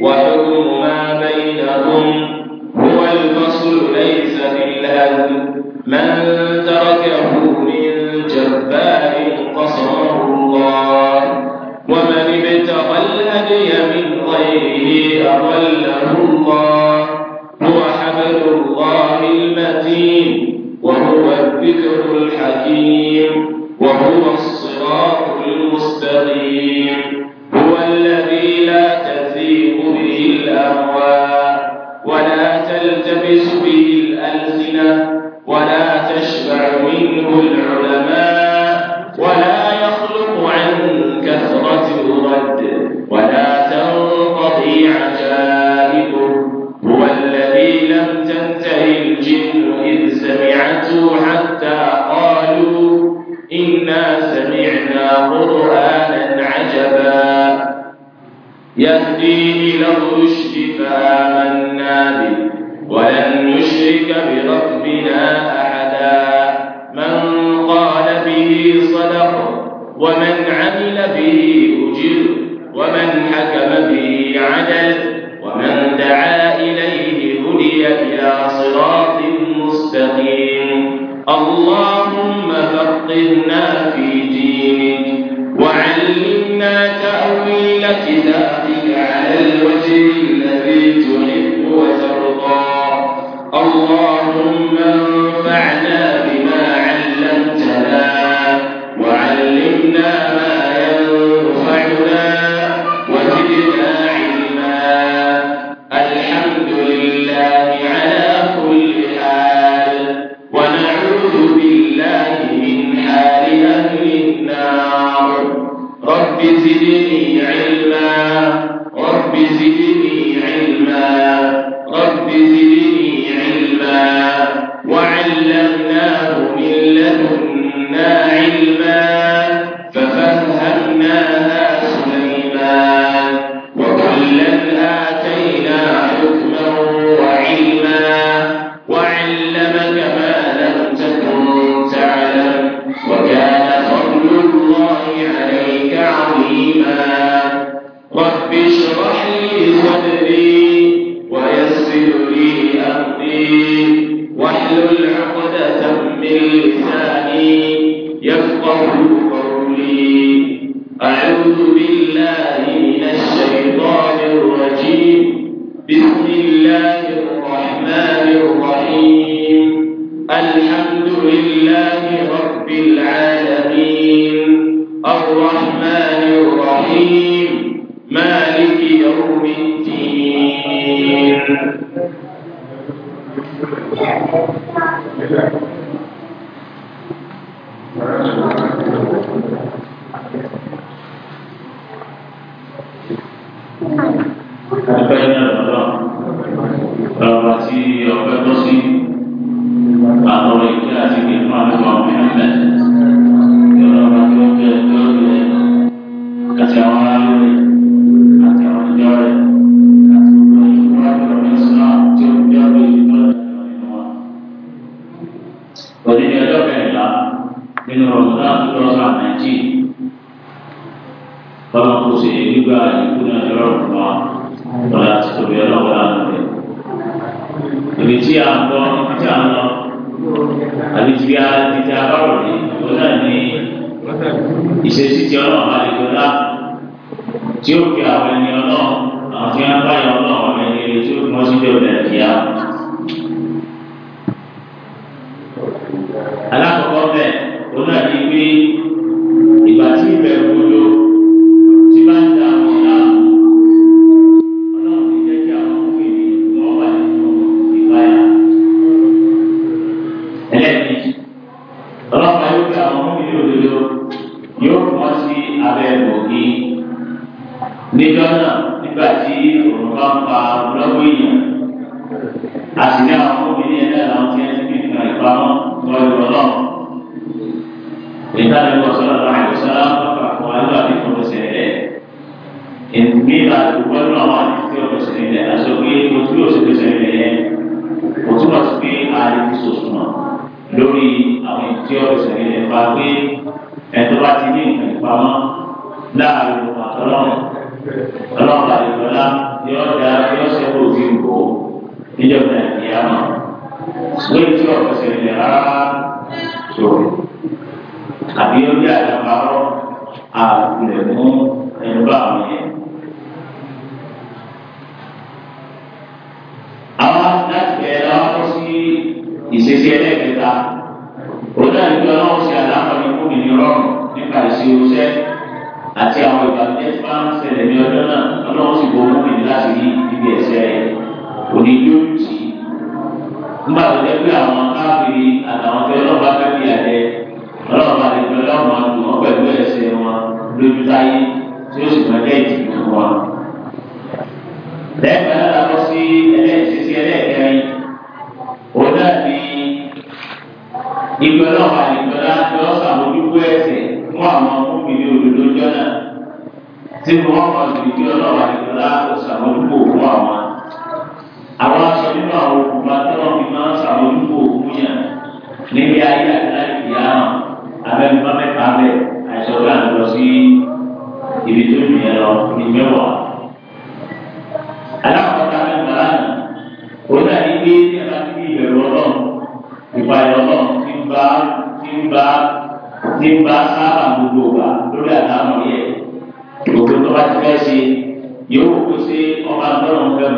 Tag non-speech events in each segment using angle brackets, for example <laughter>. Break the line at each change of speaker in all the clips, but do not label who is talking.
وحكم ما بينهم èmi àdúgbò náà wà ní tí ọ̀dọ̀ sí nílẹ̀ aṣọ pé ojú òsì tó ṣẹlẹ̀ yẹn kò túbọ̀ sí pé ààrẹ ti sòsùn náà lórí àwọn ìtí ọ̀dọ̀ sí nílẹ̀ fa pé ẹ̀tọ́ bá ti ní nǹkan ìpamọ́ láàrin ọ̀tọ́lọ́run ọlọ́run àdìgbọ́lá yóò dá yóò ṣẹ́kù òbí ìbò níjọba ìyá náà ṣùgbọ́n ìtí ọ̀dọ̀ sí nílẹ̀ rárá tó àbí ó bí àdàbà rọ àbùlẹ̀ mú bá àwọn yẹn. láti bẹ̀rẹ̀ lọ́wọ́ kó sí ìṣesí ẹlẹ́gbẹ̀ta. Òdà ìjọ náà ṣe àdáfọ́ni fún mi ní rọrùn nípa ìṣe oṣẹ́ àti àwọn ìbànújẹ́ tí wọ́n ń ṣẹlẹ̀ ní ọjọ́ náà ọlọ́run sì bọ́ fún mi láti rí ibi ẹ̀sẹ̀ onídìóòtì. Nígbà tó jẹ́ pé àwọn káàkiri àtàwọn tó lọ́wọ́ bá fẹ́ bí àjẹ ọlọ́run bá lè fi ọlọ́run máa pẹ̀lú ẹ̀sẹ̀ wọn lójú táyé tí ó sì máa jẹ́ ìtìjú wọn lẹ́gbàá náà lọ sí ẹlẹ́ẹ̀sìsì ẹlẹ́ẹ̀kẹrin òun náà ní ìgbẹ́ náà wà nígbẹ́lá yọ sàmójúkú ẹ̀sẹ̀ fún àwọn ọkùnrin òdodo jọ náà tí wọ́n mọ̀ sí ìgbẹ́ náà wà nígbẹ́lá kò sàmójúkú fún àwọn. àwọn aṣọ nínú àwọn òkùnfà tí wọ́n fi máa ń sàmójúkú òkun yàn níbi ayé àti ìyá abẹ́mímọ́ mẹ́ta bẹ́ẹ̀ àìsàn ìgbà lọ sí ibi tó nìyẹn lọ ìgbẹ́wàá alákọ̀ọ́ta ní ìgbàlá òun náà ní pé ní ẹ̀ka ti fi ìbẹ̀rù ọlọ́run ìpàdé ọlọ́run ti ń bá ti ń bá ti ń bá sábà gbogbo wa lórí àdámọ̀ yẹ gbogbo tó bá ti fẹ́ ṣe yóò kó sí ọba gbọ́dọ̀ ń fẹ́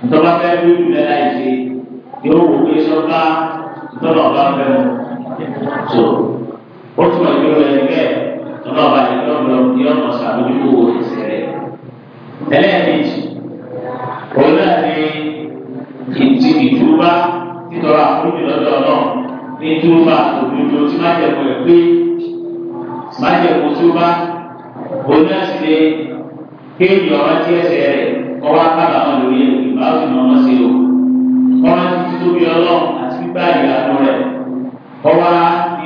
mu tó bá fẹ́ lóyún lẹ́ láì ṣe yóò wò pé sọ́ba tọ́lọ̀ bá fẹ́ mu so ó túmọ̀ ìlú rẹ̀ níbẹ̀ tọ́lọ̀ bá yẹ kí ọ̀dọ́ yọ̀ ọ̀sán lójú owó ìṣẹ̀lẹ̀ ẹlẹ́yìn méjì òun náà ní ìtì ìtúbá títọrọ àforíjì lọ́dọ̀ náà ní túbá òdodo tí má jẹ kó ẹ pé má jẹ kó túbá òun náà sì ní kéèyàn ọ̀rọ̀ tí ẹsẹ̀ rẹ̀ ọwọ́ akábà wọn lórí ẹ̀ ìgbà ó sì mọ ọmọ sí o ọmọ títí tóbi ọlọ́run àti gbígbá ìyàwó rẹ̀ ọwọ́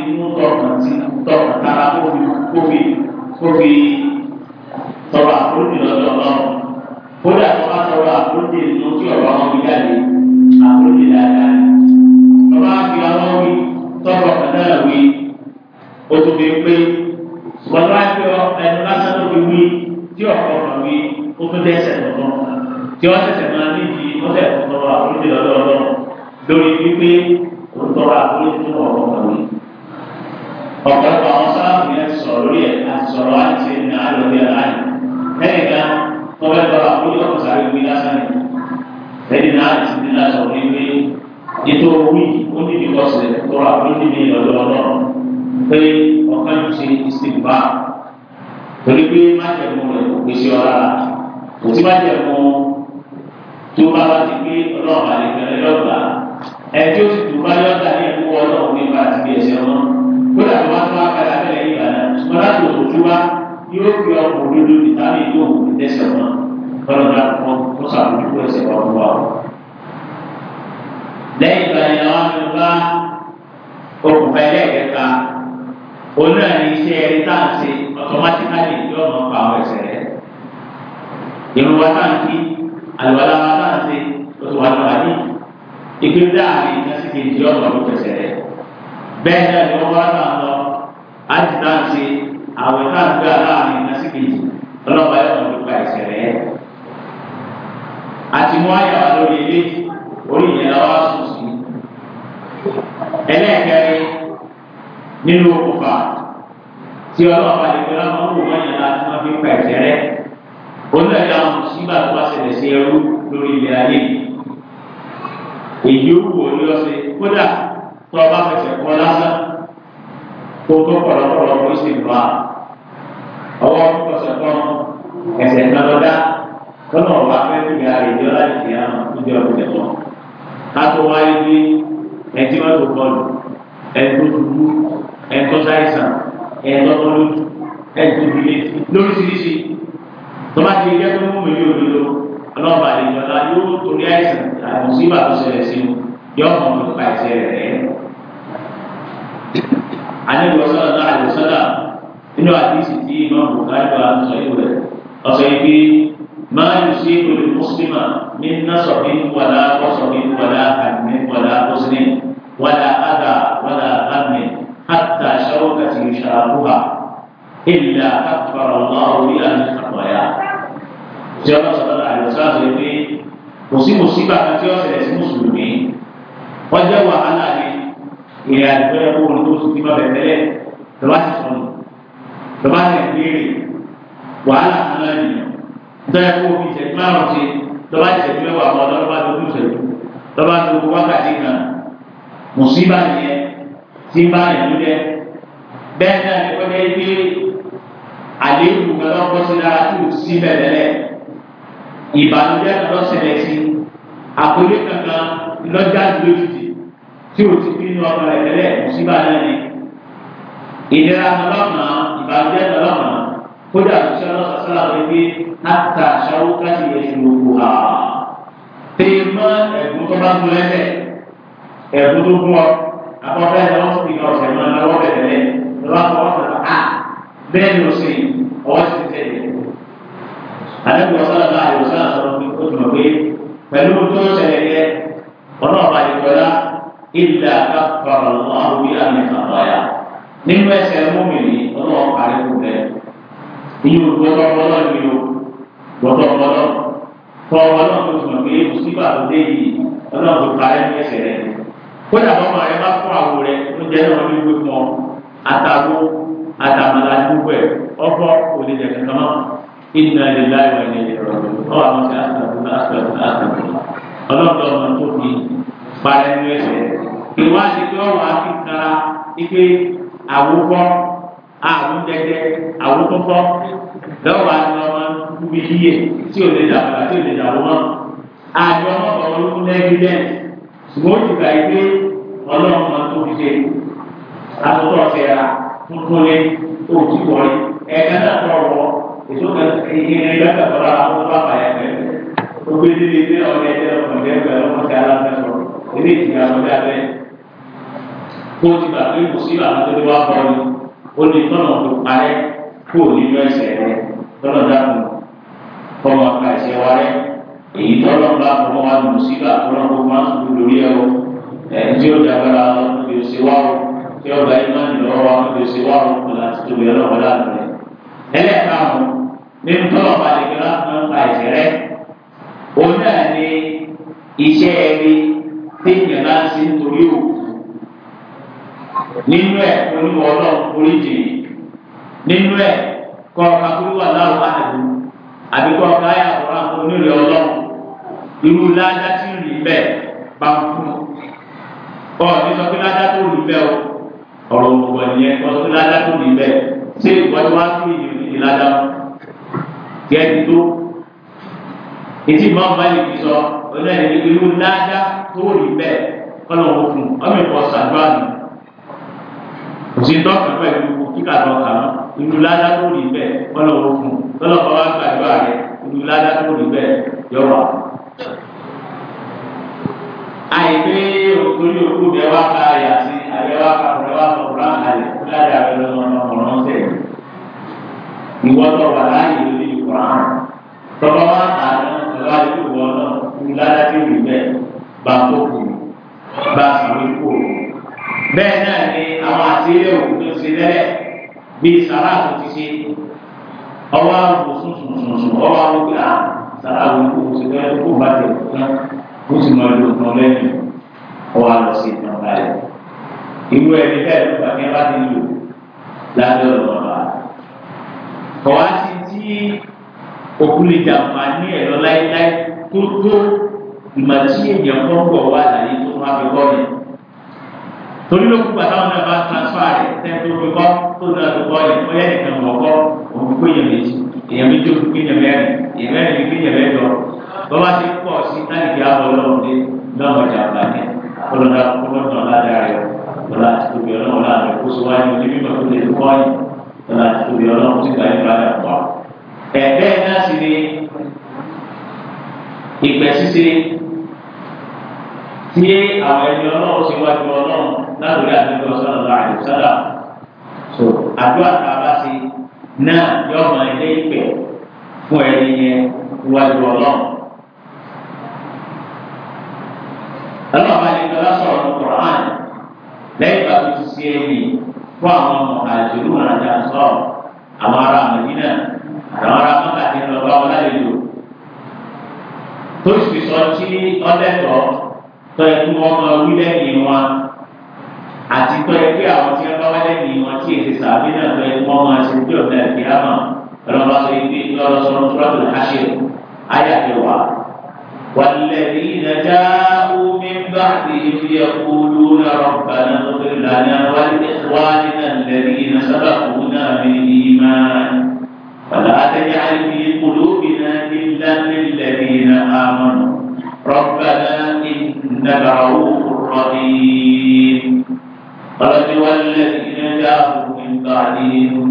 inú tọkàn tí tọkàn tára ó ṣàìsàn ẹ̀ẹ́dọ́ tó lójú ẹ̀ẹ́dọ́ tó lé lóríṣiríṣi tó bá ti yẹ kó mú mi yóò lólo ọlọ́ọ̀bà àlejò ọ̀la yóò torí àìsàn àmùsíbà tó ṣẹlẹ̀ sí mu yọ ọmọ mi pa ẹsẹ̀ rẹ̀ anibọsọlá náà àlùsọlá nínú àdìsí tí iná bùkárí wa sọ yìí rẹ ọsọ yìí pé máa yù sí olè mùsùlùmá ní nasọ̀bí wàlá kọsọ̀bí حتى شوكة يشابها إلا كفر الله بها من خطايا جرى صلى الله عليه وسلم مصيبة مصيبة àti ọ̀sẹ̀ ẹ̀sìn mùsùlùmí wọ́n jẹ́ wàhálà ni ìrìn àjò yẹ kó wọn tó sùn kí wọ́n bẹ̀ tẹ́lẹ̀ lọ́ba ti sọnù lọ́ba ti béèrè wàhálà náà ni dọ́yẹ kó fi ìṣẹ́jú márùn ṣe lọ́ba ti ṣẹ́jú mẹ́wàá ọ̀dọ́ lọ́ba tó kú ìṣẹ́jú lọ́ba tó kú wákàtí kan mùsíbà nìyẹn tí ń bá yẹn ló dẹ bẹ́ẹ̀ náà ni wọ́n dẹ́ gbé àléébù kan lọ́kọ́ sí lára tó sí bẹ̀rẹ̀ lẹ̀ ìbànújẹ́ kan lọ́sẹ̀lẹ̀ sí àkọlé kankan lọ́jà lójijì tí o ti fi ní ọmọ rẹ̀ tẹ́lẹ̀ òsínbà náà ni ìnira ọlọ́mọ ìbànújẹ́ ọlọ́mọ kódà tó ṣe ọlọ́sàsọ́lá rẹ̀ gbé láta aṣáwó káṣí ẹ̀sìn gbogbo ha tèèmọ́ ẹ̀gbọ́n tó bá gbọ́ lẹ́sẹ̀ ẹ̀gbọ́n tó gbọ́ àkọ́fẹ́ lọ́wọ́ sí ìlú ọ̀sẹ̀ máa lọ́wọ́ bẹ̀rẹ̀ lọ́wọ́ àwọn ọ̀sẹ̀ à bẹ́ẹ̀ ni o sì ọwọ́ sì tẹ̀lé. àdébùwọ̀ sábà bá àyè sábà sọ̀rọ̀ pé ó tún pé pẹ̀lú tó ń ṣẹlẹ̀ yẹ ọlọ́ọ̀bà ìgbọ́lá ìlà káfàrọ̀ lọ́wọ́ bí àmì àbáyà nínú ẹsẹ̀ mọ́mìnì ọlọ́ọ̀bà àríkùnrin ìyí olùgbọ́dọ̀ ọlọ́ọ̀ ni o gbọ́dọ̀ ọlọ́ọ̀ tọ́ ọlọ́ọ̀ tó tún pé mùsùlùmí àtúndé yìí ọlọ́ọ̀ tó parí kódà lọ́mọ rẹ bá fọ àwò rẹ oúnjẹ náà ló gbé fún ọ àtàwọ àtàmàlà gbogbo ẹ ọkọ òdìjẹ kankan mọ ìdìnnà ilé láì wà ní ìrọ̀ ọ àwọn ti àtàkùn àtàkùn àtàkùn ọlọ́dọ̀ ọmọ tó fi parẹ́ ní ẹsẹ̀ ìwádìí pé ọrọ̀ àti kara ike àwòkọ́ àwọn jẹjẹ àwòkọ́kọ́ lọ́wọ́ àti ọmọ kúbi yíyẹ tí ò lè dàgbà tí ò lè dàgbà mọ́ àjọ ọmọ ọ̀rọ̀ ló ń lẹ́gbẹ̀ẹ́ ṣùgbọ́n ó ti gbà yí pé ọlọ́run máa tó fi ṣe àtúntò ọ̀sẹ̀ ra tuntun lé òtí wọlé ẹ̀ẹ́dá náà tọ̀ wọ èso kan ìyẹn lọ́kà tọ́lá àwọn bàbá yẹn bẹ́ẹ̀ gbogbo ìdílé ilé ọ̀rẹ́ ẹ̀jẹ̀ ọ̀gbọ̀n ẹ̀gbẹ̀ ọlọ́mọṣẹ́ aláfẹ́sọ̀rọ̀ ilé ìtìjà ọ̀dẹ́ abẹ́ kó o ti gbà pé kò sí àwọn tó ti wá bọ́ ni ó lè tọ̀nà tó parẹ́ kó o nínú ẹ̀sẹ̀ rẹ tọ́lọ̀ dáàbò kọ́ ọ èyí tọ́lọ̀ bá fọwọ́ wa lù sí bá tọ́lọ̀ kó má lù lórí ẹ̀ o ẹ̀ tí ó dàgbára lọ́dún yóò ṣe wá o tí ó gba imáàlì lọ́wọ́ wa lọ́dún yóò ṣe wá o kò láti tóbi ọlọ́wọ́ láàbù rẹ̀. ẹlẹ́ẹ̀kanu ní tọ́lọ̀ bá lè fi láti máa ń pa ẹ̀jẹ̀ rẹ̀ òun náà ni iṣẹ́ ẹni téèyàn náà ṣe ń torí òkú nínú ẹ̀ onímọ̀ ọlọ́run oríjì nínú ẹ̀ kọ́ ọ̀ka kúrú wà láwùjọ àdùn àbíkọ́ ọ̀ka ayà ọ̀rọ̀ onírè ọlọ́run irú ládá tí ń rí bẹ́ẹ̀ bá ń fún ọ ní sọ pé ládá tó rí bẹ́ẹ̀ o ọ̀rọ̀ òwò nìyẹn kọ́ sọ pé ládá tó rí bẹ́ẹ̀ ṣé ìwọ́n wá sí ìdí ládá gẹ́gẹ́ tó etí máa ń bá lè fi sọ ọlọ́ọ̀ni irú ládá tó rí bẹ́ẹ̀ kọ́nà òun fún ọmọ ìkọ̀ sàdúrà nù kò sí dọ́kítà pẹ̀lú kíkà lọ́kà náà irú ládá tó rí bẹ́ẹ̀ kọ́nà òun fún ọlọ́kọ̀ wá gbàdúrà rẹ̀ irú ládá tó rí bẹ́ẹ̀ yọ wà àìpé òkúri òkú bẹ wá ká yàtí abẹ wá ká bẹ wá sọ fúlá àlẹ fúlá yà bẹ lọ sọ ọ̀rọ̀ sẹ ìwọtọ wà láàyè lórí ìkùrán tọba wá àná tọba yóò wọ náà kú ládàbí rí bẹ bá tó bá sàmì kù bẹ́ẹ̀ náà ni àwọn àti ilé òkú tó ṣe lẹlẹ bíi sàrà àtúntì ṣe ọwọ́ àwọn sùn sùn sùn sùn ọwọ́ àwọn gbé àwọn sára àwọn òṣèlú ẹni tó bá tẹ̀ tán ó sì máa lo nǹkan lẹ́yìn ọwọ́ àlọ́ sí ìtàn báyìí. irú ẹni bẹ́ẹ̀ ló bá kẹ́ bá ti lò lábẹ́ ọ̀nà ọ̀la. ọ̀wá sí tí òkúlẹ̀ jàmbá ní ẹ̀rọ láíláí tó tó ìgbà tí èèyàn kọ́ pọ̀ wá láyé tó máa fi kọ́ yẹn. torí ló kú pàtàkùn náà bá transfer rẹ̀ tẹ́ tó fi kọ́ tó náà fi kọ́ yẹn ó yẹ nìkan mọ̀ kọ́ òun kó yẹn méjì èèyàn méjì òkú pé yẹn mẹ́rin èèyàn mẹ́rin pé yẹn mẹ́jọ bọ́lá ti pọ̀ sí táyìkì àbọ̀ lọ́wọ́ dé lọ́wọ́ ọjà àbàkẹ́ kọlọ́dà kọlọ́dà ọ̀làdà rẹ̀ lọ́la ti tóbi ọlọ́wọ́ láàrin kó sọ wáyé ní mímọ́ tó lè kọ́ yìí lọ́la ti tóbi ọlọ́wọ́ sí gbàyè lọ́la pọ̀. ẹ̀bẹ́ náà sì ni ìgbẹ́ ṣíṣe tí àwọn ẹni ọlọ́wọ́ sì wájú ọlọ́wọ́ láwùjọ àdúgbò sọ́dọ̀ láàrin sọ́dọ̀ àdúrà tá a bá náà yọ ọmọ ilé ìpè fún ẹni yẹn wájú ọlọ́run. ọlọ́run bá yẹn sọ̀rọ̀ ní Qur'an lẹ́yìn bá tó ti sí ẹni fún àwọn ọmọ àjòlú àjà sọ̀rọ̀ àwọn ará Mẹ́dínà àwọn ará mọ́tàkì lọ́ba ọlálejò tó sì sọ tí ọlẹ́tọ̀ọ́ tọ́ ẹ̀kú ọmọ wílẹ̀ yìí wọn. àti pé ẹgbẹ́ àwọn tí wọ́n bá wálé ní wọn tí èsì sàbí náà pé wọ́n máa ṣe bí ọ̀dà ìdí àmà ọlọ́ba sọ ibi lọ́rọ̀ sọ̀rọ̀ tùrọ̀tù àṣẹ ayàtẹ̀wà. والذين جاءوا من بعدهم يقولون ربنا اغفر لنا ولإخواننا الذين سبقونا بالإيمان ولا تجعل في قلوبنا إلا للذين آمنوا ربنا إنك رؤوف رحيم ọlọ́ni wá lẹ́ ilé dá òkùnkùn tó àdéhùn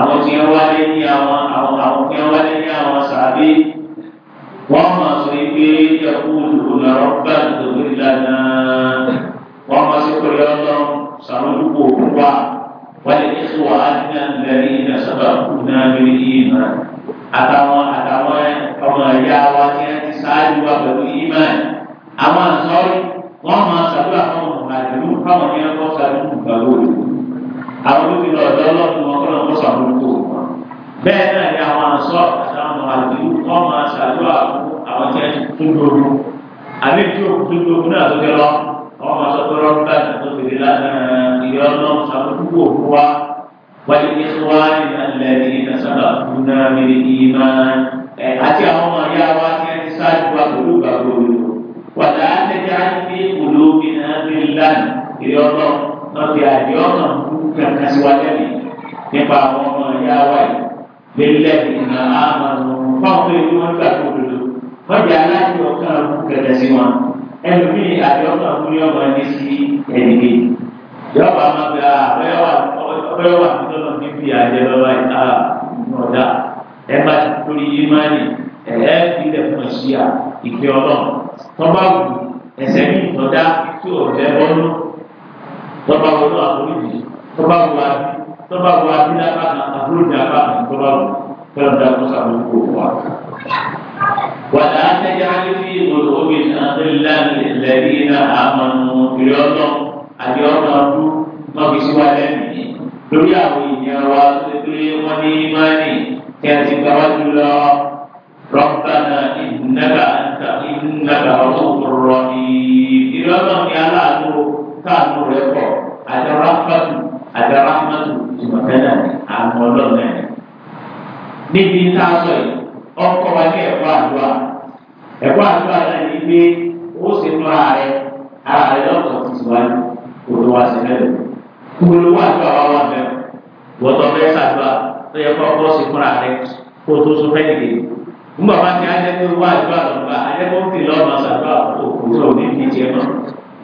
àwọn tí wọ́n wálé ní àwọn àwọn àwọn tí wọ́n wálé ní àwọn sàbí wọ́n máa sọ pé yẹ̀kú olùrọ̀ gbà lórí lánà wọ́n máa sọ pé ọlọ́run sàmúlùkù òkú wa wálé ní sọ wà á ní àlẹ́rí náà lórí ìmọ̀ àtàwọn àtàwọn ọmọ ìyá wa ní àti sáájú wa pẹ̀lú ìmọ̀ àwọn àǹsọ́rì wọ́n máa ṣàdúrà fún ọmọ àdìrú káwọn ní ẹ̀kọ́ ṣàdúrà nígbà lórí. àwọn olóbi lọ ọ̀dọ́ ọlọ́run wọn kọ́nà kó ṣàmójútó wọn. bẹ́ẹ̀ náà ni àwọn àṣọ àṣàmọ̀ àdìrú wọ́n máa ṣàdúrà fún àwọn tí wọ́n àbí tí òkú tún náà tó kẹ́ lọ wọ́n sọ pé rọ́ọ̀rù bá ti tó tèmi lánàá والإخوان الذين سبقونا بالإيمان أتي أمر يا واكن ساد وقلوب ولا تجعل lánàá ìrẹ ọ̀nà lọ́ọ̀tì àdìẹ ọ̀nà kankan síwájú mi nípa àwọn ọmọ ìyá wa yìí lélẹ̀ ìnà àmàlù fáwọn tó yẹ kí wọ́n gbà kó dodo wọ́jà aláàjì ọ̀kan kẹ̀kẹ́ sí wọn ẹlòmíì àdìẹ ọ̀kan fún yọmọ ní sí ẹ̀dìgbé yọba máa bẹ àbẹ́yẹ wà ọ̀bẹ́yẹ wà tó lọ sí bí àjẹ lọ́wọ́ ìta ọ̀dà ẹ má ti torí yé má ní ẹ̀ẹ́ fi lẹ̀ fún ẹ̀ṣíà ìpè ọlọ́run tọ́ bá wù ú ẹsẹ̀ ní ìtọ́já tí ò jẹ́ bọ́lú tọ́ba wo ló àforíjì tọ́ba wo àbí tọ́ba wo àbí lápá kan àforíjì àbá kan tọ́ba wo fẹ́ràn dá kó sàmójú kó wà. wàdà àtẹ̀jẹ́ alẹ́bí ìgbòho omi ìsàndínláàmì ìlẹ̀rí náà àmọ́nù ìrọ́nà àdéhùn ọdún náà síwájú ẹ̀mí lórí àwọn ìyẹn wa tó dé wọ́n ní ìmọ̀ ربنا إنك أنت إنك رؤوف رحيم إذا لم يلعنوا كانوا رقوا هذا رحمة هذا رحمة ثم كان عن مولانا níbi tá a sọ yìí ọkọ wa ní ẹ̀kọ́ àdúrà ẹ̀kọ́ àdúrà náà ní pé ó sì ń lọ ààrẹ ara rẹ lọ́kọ̀ tìtìwájú kò tó wá sí mẹ́rin kúrò lówó àdúrà wa wà mẹ́rin wọ́tọ̀ fẹ́ sàdúrà tó yẹ kó ọkọ̀ sí fúnra rẹ kó tó so fẹ́ nìkejì nígbà wá sí ajẹ́pẹ́ wá àdúrà lọ́gbà ajẹ́pẹ́ ó sì lọ́ọ̀mà sàdúrà òkú tó ní ìdí tiẹ̀ mọ́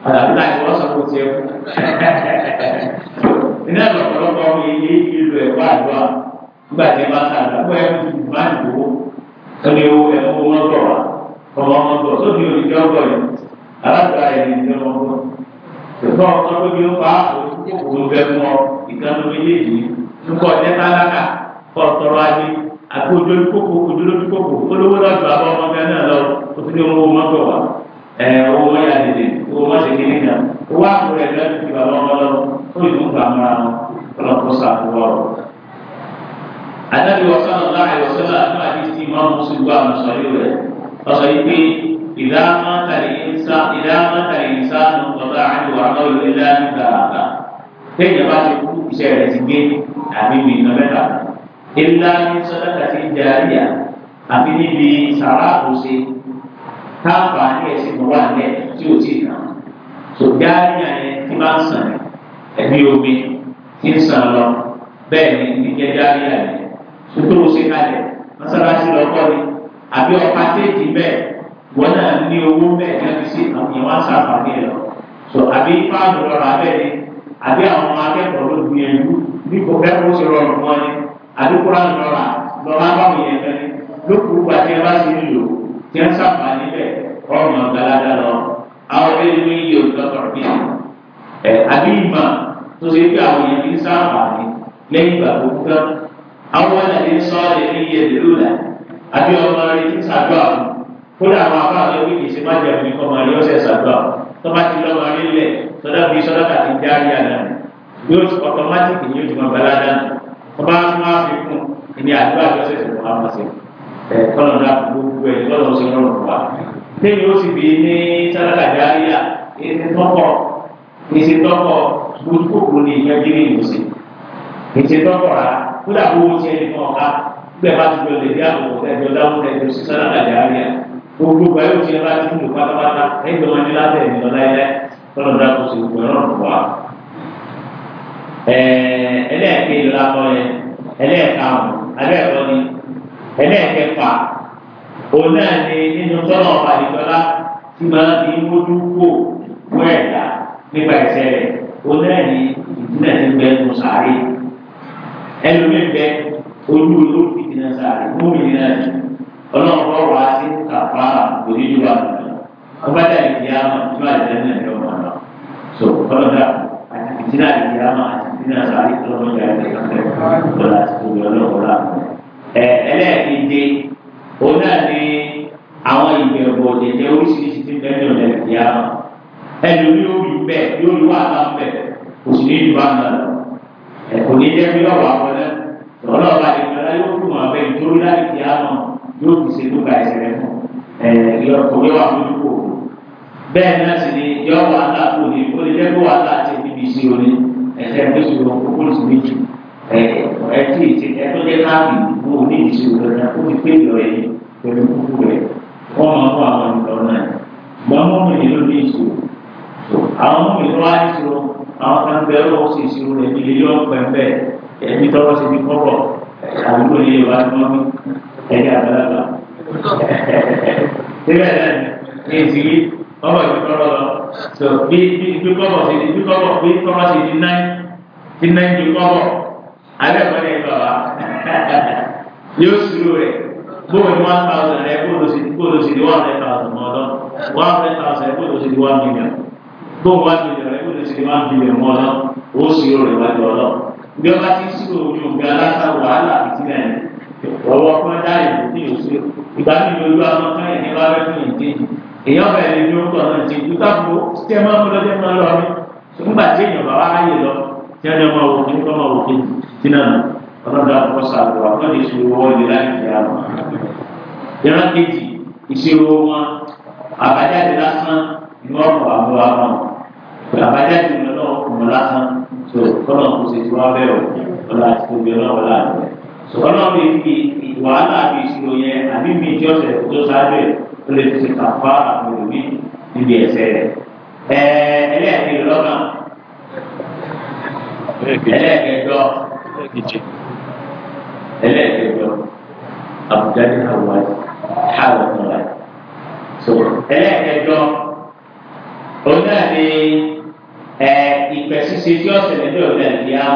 àdàbí láì wọ́n sọ fún tiẹ̀ fún. iná lọ́pọ̀lọpọ̀ ọmọ ilé ìlú ẹ̀kọ́ àdúrà nígbà tí wọ́n sàdúrà bóyá ó ti bá ìdúró ó ní owó ẹ̀kọ́ wọn gbọ̀ wá ọmọ ọmọ gbọ̀ sóbi olùjọ́ gbọ̀ yìí aládùúgbà yẹn ní ìjọ wọn gbọ̀. ṣùgbọ́n ọmọ tó bí ó pa òkú tó bẹ fún ọ ìkànnì méjèèjì àti ojúlójú kókó ojúlójú kókó olówó lọ́jọ́ àbọ̀ ọmọ bẹ́ẹ̀ náà lọ o ti ní owó mọ́tò wa ẹ̀ owó mọ́yà dìde owó mọ́sẹ̀ kìíní kan owó àkúrẹ́ lọ́jọ́ ti bàbá ọmọ lọ ó yìí ń gbà mọ́ra wọn ọlọ́kọ́ sàkúrọ̀ rọ̀. àdàbí wọ́sán ọ̀la àìwọ̀sán láàbà ní ti máa mú sí gbọ́ àwọn sọ yìí rẹ̀ ọ̀sọ̀ yìí pé ìdá máa ìsá ìdá máa tàlẹ̀ ilá ní sọ́dọ̀tà ti ń daríyà àfi níbi sàrà àkóso káàpà si ẹ̀sìn tó wà lẹ́ tí ò tí ì kàn. tó daríyà yẹn tí bá ń sàn ẹ̀mí omi tí ń sàn lọ bẹ́ẹ̀ ni ní jẹ́ daríyà yẹn sotó o ṣe kalẹ̀ mọ́sálásí lọ́kọ́ ni àbí ọ̀pá téèkì bẹ́ẹ̀ wọ́n náà ní owó bẹ́ẹ̀ náà fi sí àwọn ìwà sàfàní ẹ̀ lọ. sọ àbí fáànù lọ́rọ̀ abẹ́ ni àbí àwọn akẹ́kọ̀ọ́ ló gbìyànjú bí kò fẹ́ kó ṣe rọrùn wọn ni. Eh, àdúgbòrán lọ́ra lọ́ra báwọn yẹn fẹ́ lókùú gba tí ẹ bá ti ń lò tí ẹ ń sàfà níbẹ̀ ọ̀rùn ọ̀gbàládà lọ àwọn ẹlẹ́ni yìí ò lọ́tọ̀ bí ẹ àbí ìmọ̀ tó ṣe pé àwọn yẹn fi ń sàfà ní lẹ́yìn ìgbà tó kú tán àwọn ọ̀nàdé ń sọ ẹ̀ ní iye ìlú rẹ̀ àbí ọmọ rẹ̀ ti sàdúrà fún kódà àwọn afáàlú ẹbí ṣe má jẹ àbí kọ́ ni yóò ti máa balá dáná ọba tún wá fi kún ìní àdúrà lọ́sẹ̀ tó wà wọ́n ṣe kọ́nà náà gbogbo ẹ̀ lọ́dọ̀ ṣe lọ́rùn wa. téèyàn ó sì bí ní sálàkà járíà èsì tọ́kọ̀ èsì tọ́kọ̀ gbogbo ní ìyẹ́dínlẹ̀ ìwòsàn èsì tọ́kọ̀ rà kódà bó o ṣe nìkan ọ̀ka gbẹ̀ bá ti gbọdọ̀ dé àwọn ọ̀tẹ̀jọ dáhùn ẹ̀jọ sí sálàkà járíà gbogbo ìgbà yóò ti ẹ Eh, ẹlẹ́ẹ̀kẹ́ ìlọ́lá kọ́ yẹn ẹlẹ́ẹ̀ka ọ̀hún abẹ́ẹ̀kọ́ ni ẹlẹ́ẹ̀kẹfà òun náà ni nínú tọ́lọ̀ ọ̀bàdìjọ́lá tí máa fi ń mójú kó wọ ẹ̀dá nípa ẹ̀sẹ̀ rẹ̀ òun náà ni ìdílé ti bẹ nù sàárè ẹlòmíì bẹ ojú olóògbé ti náà sàárè mómi ní náà ọlọ́run bọ́ wá sí kàfá òdíjú wa ọgbàdà ìdíyàmọ̀ tí wàá jẹ́ náà yọ̀ wọn lọ so ọlọ́dà àti ìdílé àdìyàmọ̀ àti ní àlàyé tó ń gbà ẹ̀jẹ̀ kọ́tẹ́ bọ́lá gbogbo ọlọ́wọ́ rà mọ́. ẹ ẹlẹ́ẹ̀kejì òun náà ni àwọn ìbẹ̀wò òdèdè oríṣiríṣi ti bẹ́ẹ̀ ní ọ̀lẹ́ ìyá ẹni orí orí bẹ́ẹ̀ yóò lù wà bá bẹ́ẹ̀ kò sì ní ìlú bá nà lọ. ẹ kò ní jẹ́ bí ọ̀wọ́ àpẹẹrẹ ọlọ́ọ̀bá ìgbàlá yóò fún wọn abẹ́ ìtorí láti fi àmọ́ yóò fi ṣe tó ka ẹsẹ̀ rẹ̀ fún ẹ ọkùnrin wà fún ìkó. bẹ́ẹ̀ náà sì ni yọ wàhálà kò ní kó lè jẹ́ kó wàhálà ti níbi ìṣirò ní ẹsẹ̀ méjìlá ogójì méjì ẹ ẹtí ìtì ẹtọ́ jẹ́ káàbì wo ní ìṣirò lọ́dà ó ti pé ìlọ yẹn pẹ̀lú kúkú rẹ̀ wọ́n máa kó àwọn ìlọ náà gbọ́n mọ́ mi nílò ní ìṣirò àwọn mọ́ mi tó wá ìṣirò àwọn kan bẹ̀rẹ̀ ó sì ìṣirò rẹ̀ ní ilé ọ̀pẹ̀ bẹ́ẹ̀ ẹbí tọ́wọ́ sí ní kọ́rọ̀ àdúgbò ní ìwà mọ́mí ẹ̀yà àgbàlagbà <laughs> kọ́bọ̀ ju kọ́bọ̀ lọ tó bí bí kọ́bọ̀ sí bí kọ́bọ̀ bí kọ́bọ̀ sí di náì di náì ju kọ́bọ̀ alẹ́ kọ́ ní ìgbà wa <laughs> yóò sùúrù rẹ̀ bóyá ní one thousand rẹ̀ bóyá sí bóyá sí di one hundred thousand mọ́ọ́dọ́ one hundred thousand bóyá sí di one million bóyá one million rẹ̀ bóyá sí di one million mọ́ọ́dọ́ ó sùúrù rẹ̀ wájú ọlọ́ bí ọba ti sùúrù ojú ọ̀gá aláta wàhálà àti náà ọwọ́ kọ́ dáyé ní òṣèlú ìgbà mi ò èèyàn bẹ̀rẹ̀ lè dúró tọ̀ náà ṣe ìdúta fún tí ẹ máa ń lọ sí ẹ máa lọ rí nígbà tí èèyàn bá wáyé lọ tí ẹ máa wò kí nípa máa wò kí tí náà ọlọ́dọ̀ àkọ́kọ́ sàlùwà wọ́n lè ṣòro wọ́n lè láti fi àmọ́. ìran kejì ìṣirò wọn àbájáde lásán ni wọ́n kọ̀ àbọ̀ àmọ́ àbájáde ìrọ̀lọ́ ọkùnrin lásán tó kọ́nà kò sì ti wá bẹ́ẹ̀ o ó lè fi kàfá àwọn òbí níbi ẹsẹ̀ rẹ̀. ẹ ẹlẹ́ẹ̀kejì lọ́nà ẹlẹ́ẹ̀kẹjọ ẹlẹ́ẹ̀kẹjọ àbújá ní hawaii hawa nọlá so ẹlẹ́ẹ̀kẹjọ òun náà ni ẹ ìpẹ́sísí tí ọ̀sẹ̀ níbi ọ̀dẹ ìyá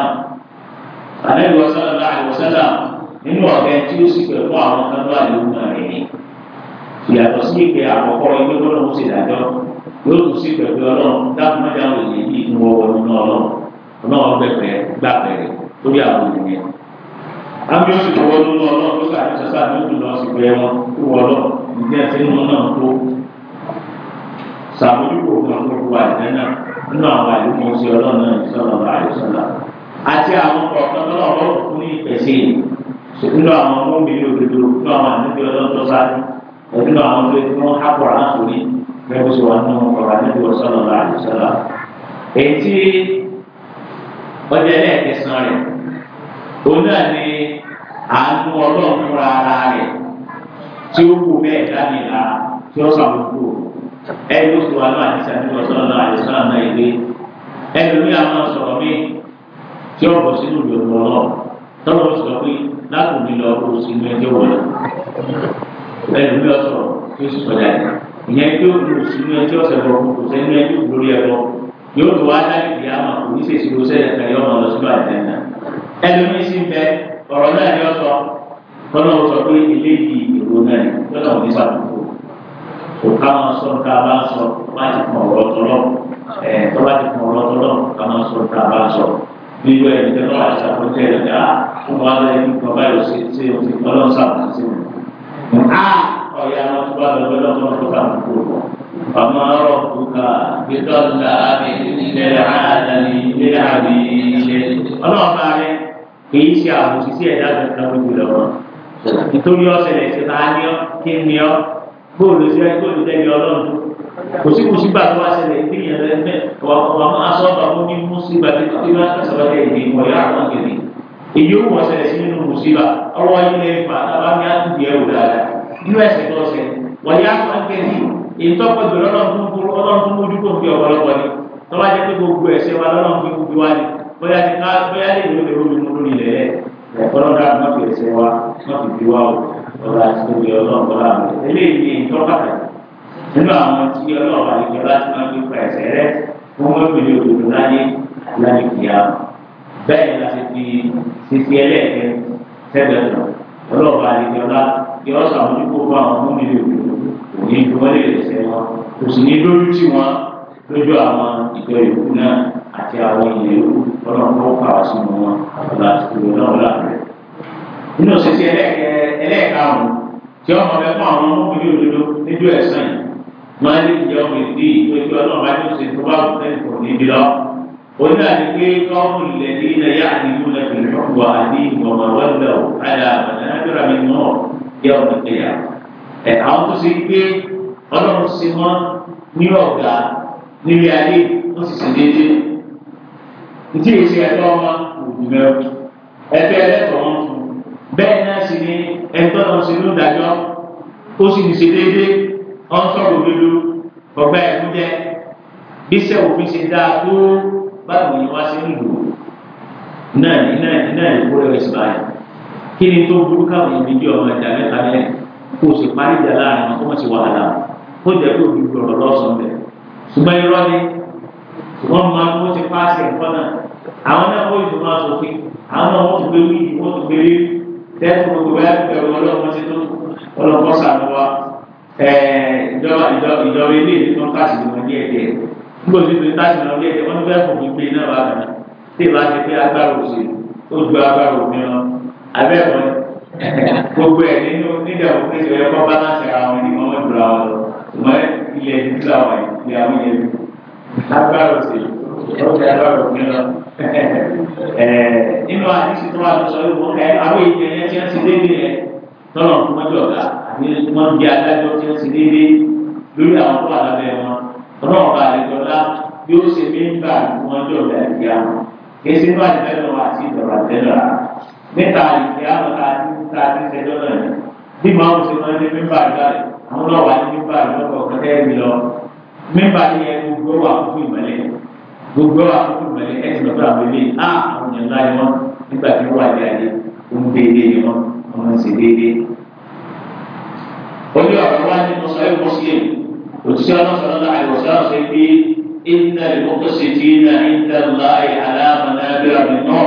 àná ìwọ̀sán ọ̀la ìwọ̀sán náà nínú ọ̀gá tí ó sì pẹ̀lú àwọn kan náà ló ń rìn ní yàtọ̀ sí ìpè àkọ́kọ́ ilé gbọ́dọ̀ ń ṣe ìdájọ́ yóò tún sí pẹ̀lú ọlọ́run dákúmọ́ dáhùn èyí yìí fún ọwọ́ nínú ọlọ́run ọlọ́run bẹ̀rẹ̀ gbà bẹ̀rẹ̀ lórí àwọn ènìyàn. àmì oṣù tó wọ́n lórí ọlọ́run tó sàdé sọ́sà ní oṣù lọ sí pé wọn tó wọ́n lọ nígbà tí wọn náà tó sàmójúkò kan tó wà ìdá náà nínú àwọn àdúgbò sí ọlọ́run náà ìṣọ́nà àìsọ́nà àti àwọn kọ̀ọ̀kan tó lọ́ọ̀rọ̀ nínú àwọn ọmọ òun náà àwọn tó ti wọn hábọ̀rọ̀ náà sórí bẹ́ẹ̀ bó ṣe wà nínú ọ̀rọ̀ àti ìwọ sọ̀rọ̀ lọ àti sọ̀rọ̀. ọjà ẹlẹ́ẹ̀kẹsàn rẹ̀ òun náà ni àánú ọlọ́run fúnra ara rẹ̀ tí ó kú bẹ́ẹ̀ dání la tí ó sàmójú ẹ ló ṣe wà náà àti sàmójú sọ̀rọ̀ lọ àti sọ̀rọ̀ náà ilé ẹlòmíì àwọn sọ̀rọ̀ mi tí ó bọ̀ sínú ìlú ọlọ́run tọ́lọ́ ẹnu mi ọsọrọ yóò sì sọjà ìyẹn tí ó kù sínú ẹjọ́ ọ̀sẹ̀ bọ̀ kò sẹ́nu ẹjọ́ lórí ẹ̀kọ́ yóò tó wá dá ìdí àmà kò ní sèṣi ló sẹ́yìn kan yọmọ lọ sínú àjẹnà ẹnu mi sì ń bẹ ọ̀rọ̀ náà ni ọsọ kọ́nà ó sọ pé eléyìí èrò náà ni kọ́nà ò ní sàkóso kò ká máa sọ ká bá sọ má ti kàn ọ̀rọ̀ tọ́lọ́ ẹ̀ tó bá ti kàn ọ̀rọ̀ tọ́lọ́ ká máa sọ ká bá sọ nígbà ìdíjẹ́ náà àṣà kò tẹ̀lé ká fún wa lẹ́yìn kọ́ báyọ̀ sí ṣé o ti kọ́ lọ́sàkóso ọ̀yà máa tún bá bẹ̀rẹ̀ lọ́wọ́ tó kà ń kó. ọmọ ọrọ̀ kúkà gbẹdọ̀ ńlá ilé àdáni ilé àbí ilé. ọlọ́ọ̀bá rẹ kì í ṣe àbòsí sí ẹ̀dá kankan lójú lọ́wọ́. nítorí ọ̀sẹ̀lẹ̀ ṣe máa ní ọ́ kí ni ọ́ bóòlù sí ẹ́ bóòlù tẹ́lẹ̀ ọlọ́run kò sí kò sí gbà tó wá ṣẹlẹ̀ ìpínlẹ̀ rẹ̀ mẹ́ wà máa sọ ọ́ bàbá mi mú sí gbàgbé tó ti wá sọ̀rọ̀ èyí ó wọ́n ṣẹlẹ̀ sí nínú mùsíbà ọwọ́ ilé ìfà àbá ní àtúndì ẹ̀wò dáadáa nínú ẹ̀sẹ̀ tó ṣẹ wọ́n yá sọ kẹ́sì èyí tó pọ̀ jù lọ́nà tó mójú tó fi ọ̀pọ̀lọpọ̀ ni tó bá jẹ́ pé gbogbo ẹ̀ṣẹ̀ wa lọ́nà tó fi wá ni bóyá ní ká bóyá lè ní olè omi mú lórí ilẹ̀ ẹ̀ ọlọ́dà má fi ẹ̀ṣẹ̀ wa má fi fi wá o ọ̀la ti tóbi ọlọ́run kọ́lá rẹ̀ eléyìí ní ìtọ́ pàtàkì nínú bẹ́ẹ̀ la ti fi sisi ẹlẹ́ẹ̀kẹ́ sẹ́gbẹ̀ẹ́ lọ ọlọ́ọ̀bá àdìgbọ́lá yọ sàmójúkó fún àwọn fún mi lè wò òní ju wọ́n lè lẹ́sẹ̀ wọn kò sì ní lójú tí wọn lójú àwọn ìjọ ìlú náà àti àwọn ìyẹn ìlú ọlọ́ọ̀kọ́ pàwọ́ sínú wọn àtọ́lá àti ìlú náà láàbẹ̀. nínú sisi ẹlẹ́ẹ̀kárùn tí ọmọ rẹ fún àwọn ọmọbìnrin òdodo níjú ẹ̀sán yìí wọ́n á lè jẹ́ ọmọ ìdí ìtọ́jú ọlọ́ọ̀bá tó ṣe tó bá wù وذلك قوم الذين يعدلون في الحكم وأهليهم وما ولوا على منابر من نور يوم القيامة. àwọn tó ṣe pé ọlọ́run ṣe wọ́n ní ọ̀gá níbi ayé wọ́n sì ṣe déédéé. ìdí èsì ẹ̀tọ́ wọn kò dùn mẹ́rin ẹgbẹ́ ẹlẹ́tọ̀ọ́ wọn fún un. bẹ́ẹ̀ náà sì ni ẹ̀tọ́ náà ṣe ló dájọ́ ó sì ní ṣe déédéé ọ̀n sọ̀rọ̀ òdodo ọ̀gbá ẹ̀kú jẹ́ bí sẹ́wọ̀n fi ṣe dáa tó báwo ni wá sí ń lò náà ní náà ní náà ní kúrẹ́ wẹ́sì báyìí kí ni tó burú káwọn ìbí jẹ́ ọmọ ìjà mẹ́ta mẹ́rin kó o sì parí ìjà láàrin wọn kó wọ́n sì wàhálà kó jẹ́ kó o fi gbọ̀rọ̀ lọ́sàn-án bẹ̀ ṣùgbọ́n irọ́ ni wọ́n máa ń wọ́n ti pàṣẹ nǹkan náà àwọn náà wọ́n ìdùnnú asòfin àwọn náà wọ́n ti gbé wí wọ́n ti gbé rí tẹ́tù gbogbo ẹ̀ bẹ̀rù ọlọ́run ti tó ọlọ́kọ́sà lọ́wọ́ ìjọba ìjọba ilé ìtọ́kasì nígbà tí ìpè tá a ti lọ lé ẹ̀jẹ̀ wọ́n fẹ́ fún gbígbé náà wà mí tí ìbá ti pé agbára òṣèlú ó ju agbára òmíràn abẹ́ wọn gbogbo ẹ̀ nínú nígbà wo pé ìwé ẹ̀kọ́ bá láti ara wọn ni wọ́n dùn àwọn lọ ṣùgbọ́n ilẹ̀ ìdílé àwọn ìdílé àwọn yẹn agbára òṣèlú ó ju agbára òmíràn nínú àdìsí tó wà lọ sọ yóò fún ẹ àwọn ìdílé yẹn ti ń ti dé nílẹ̀ tọ́lọ̀ fún mọ́jọ́ ọ̀gá ọlọ́run bá àlejòlá bí ó ṣe mẹ́ńbà fún ọjọ́ ọ̀dà ìyá kéṣe bá ìfẹ́lọ́ àti ìjọba tẹ́lá níta ìfẹ́ àwọn ta ti ṣẹjọ́ náà bí màá ń ṣe máa ń ní mẹ́ńbà ìgbàlẹ̀ àwọn náà wà ní mẹ́ńbà lọ́kọ̀ kẹ́kẹ́ mi lọ mẹ́ńbà ni ẹ gbogbo wà fún ìmọ̀lẹ̀ gbogbo wà fún ìmọ̀lẹ̀ ẹ ti lọ́kọ̀ àwọn ilé a àwọn èèyàn láyé wọn nígbà tí wọ́n wà ní ayé òun déédéé ni wọ́n òṣìṣẹ́ ọlọ́sọ̀rọ̀ náà àìwọ̀sọ̀rọ̀ ṣe pé iná ìmọ̀kọ́sí ti iná iná láì aláàmọ̀nà abẹ́rẹ́ náà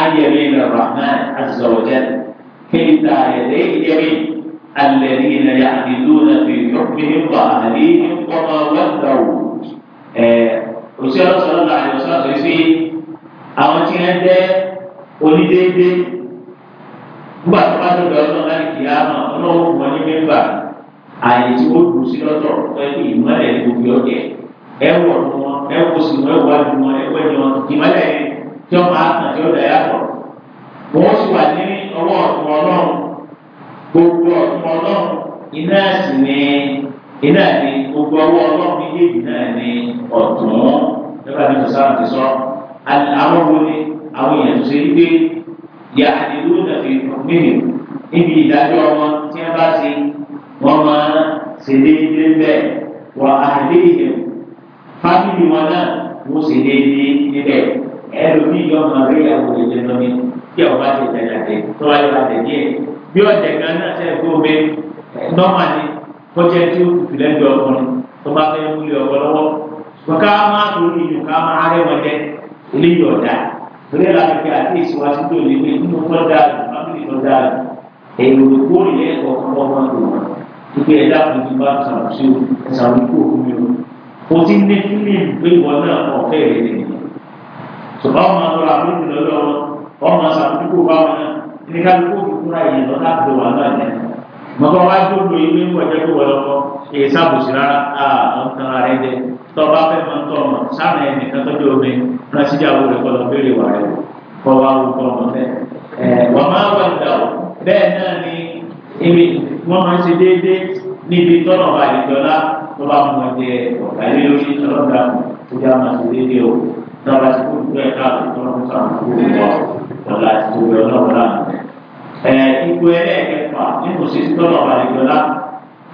ayẹ̀mí rahman azọ̀wọ̀jẹ́ kéńtà ayẹ̀lẹ́ ìyẹ̀mí alẹ́rìn náà yà àdìdó náà fi yọ̀kùnrin wà àdìrí kọ́mọ wẹ́ndàwó. òṣìṣẹ́ ọlọ́sọ̀rọ̀ náà àìwọ̀sọ̀rọ̀ ṣe pé àwọn tí wọ́n jẹ́ onídéédé gbàtọ́ bá tó bẹ̀rẹ̀ ọlọ́run láì kìí àyè tí ó dùn sí lọ́tọ̀ pẹ̀lú ìmọ̀lẹ̀ gbogbo ọ̀kẹ́ ẹ wọ̀ nù wọn ẹ wọ sí wọn ẹ wọ adùn wọn ẹ wọ ẹni wọn ìmọ̀lẹ̀ tí wọn máa kàn tí ó dà yàtọ̀ wọn sì wà ní ọwọ́ ọ̀tún ọlọ́run gbogbo ọ̀tún ọlọ́run iná sì ni iná ni gbogbo ọwọ́ ọlọ́run méjèèjì náà ni ọ̀tún nípa bí tòṣàmù ti sọ àwọn wo ni àwọn èèyàn tó ṣe é gbé yàtìlú nàfẹ́ mímì níbi ìdájọ́ wọn tí wọ́n bá ti wọ́n máa ṣe déédéé bẹ́ẹ̀ wọ́n àdéhìí fábílì wọn náà wọ́n ṣe déédéé níbẹ̀ ẹlòmíì yọ ọmọ rẹ̀ yàwó lè jẹ́ lọ́mí tí ọba ti tẹ̀lé àti tó wáyé wa tẹ̀ díẹ̀ bí ọ̀jẹ̀ kan náà ṣe kó bẹ nọ́mà ni kọjá tí ó tutù lẹ́jọ́ ọkùnrin tó bá fẹ́ wúlé ọkọ lọ́wọ́ wọn ká máa tó nìyí ká máa rẹ̀ wọn jẹ́ eléyìí ọ̀dà torí ẹ̀ láti àti ìsíwájú tó lè gbé nínú tó dáa lù fámìlì tó dáa lù èyí ò gbogbo ẹ̀dá àbójú bá sàrò sí o sàrò kú òkun mi o o ti ní fílìm pé ìwọ náà kọ ọ̀fẹ́ rẹ nìyẹn ṣùgbọ́n ọmọ àtọ́ra àbójú lọ́dọ̀ wọn ọmọ sàmójúkò báwọn náà ní kálukú òkúra yìí lọ́dọ̀ àbúrò wà náà jẹ mọ̀tọ́ wá jókòó ilé ń wọ̀jẹ́ tó wọlọ́kọ́ èyí sàbòsí rárá a ọ̀tàn rẹ jẹ tọ́ba fẹ́ mọ́ tọ́ ọmọ sáà ẹ̀ nìkan tọ́jú omi ránṣíjáwó rẹ ni èmi wọ́n máa ń ṣe déédéé níbi tọ́nà àdìjọ́lá tó bá mú ọdẹ ọ̀gá ilé lórí tọ́nà dàmú tó já máa ṣe déédéé o náà láti kó ìgbẹ́ ká tọ́nà tó sàn kó wọ ọ̀la àti tó wẹ ọlọ́run náà. ẹ ipò ẹlẹ́ẹ̀kẹfà nínú sí tọ́nà àdìjọ́lá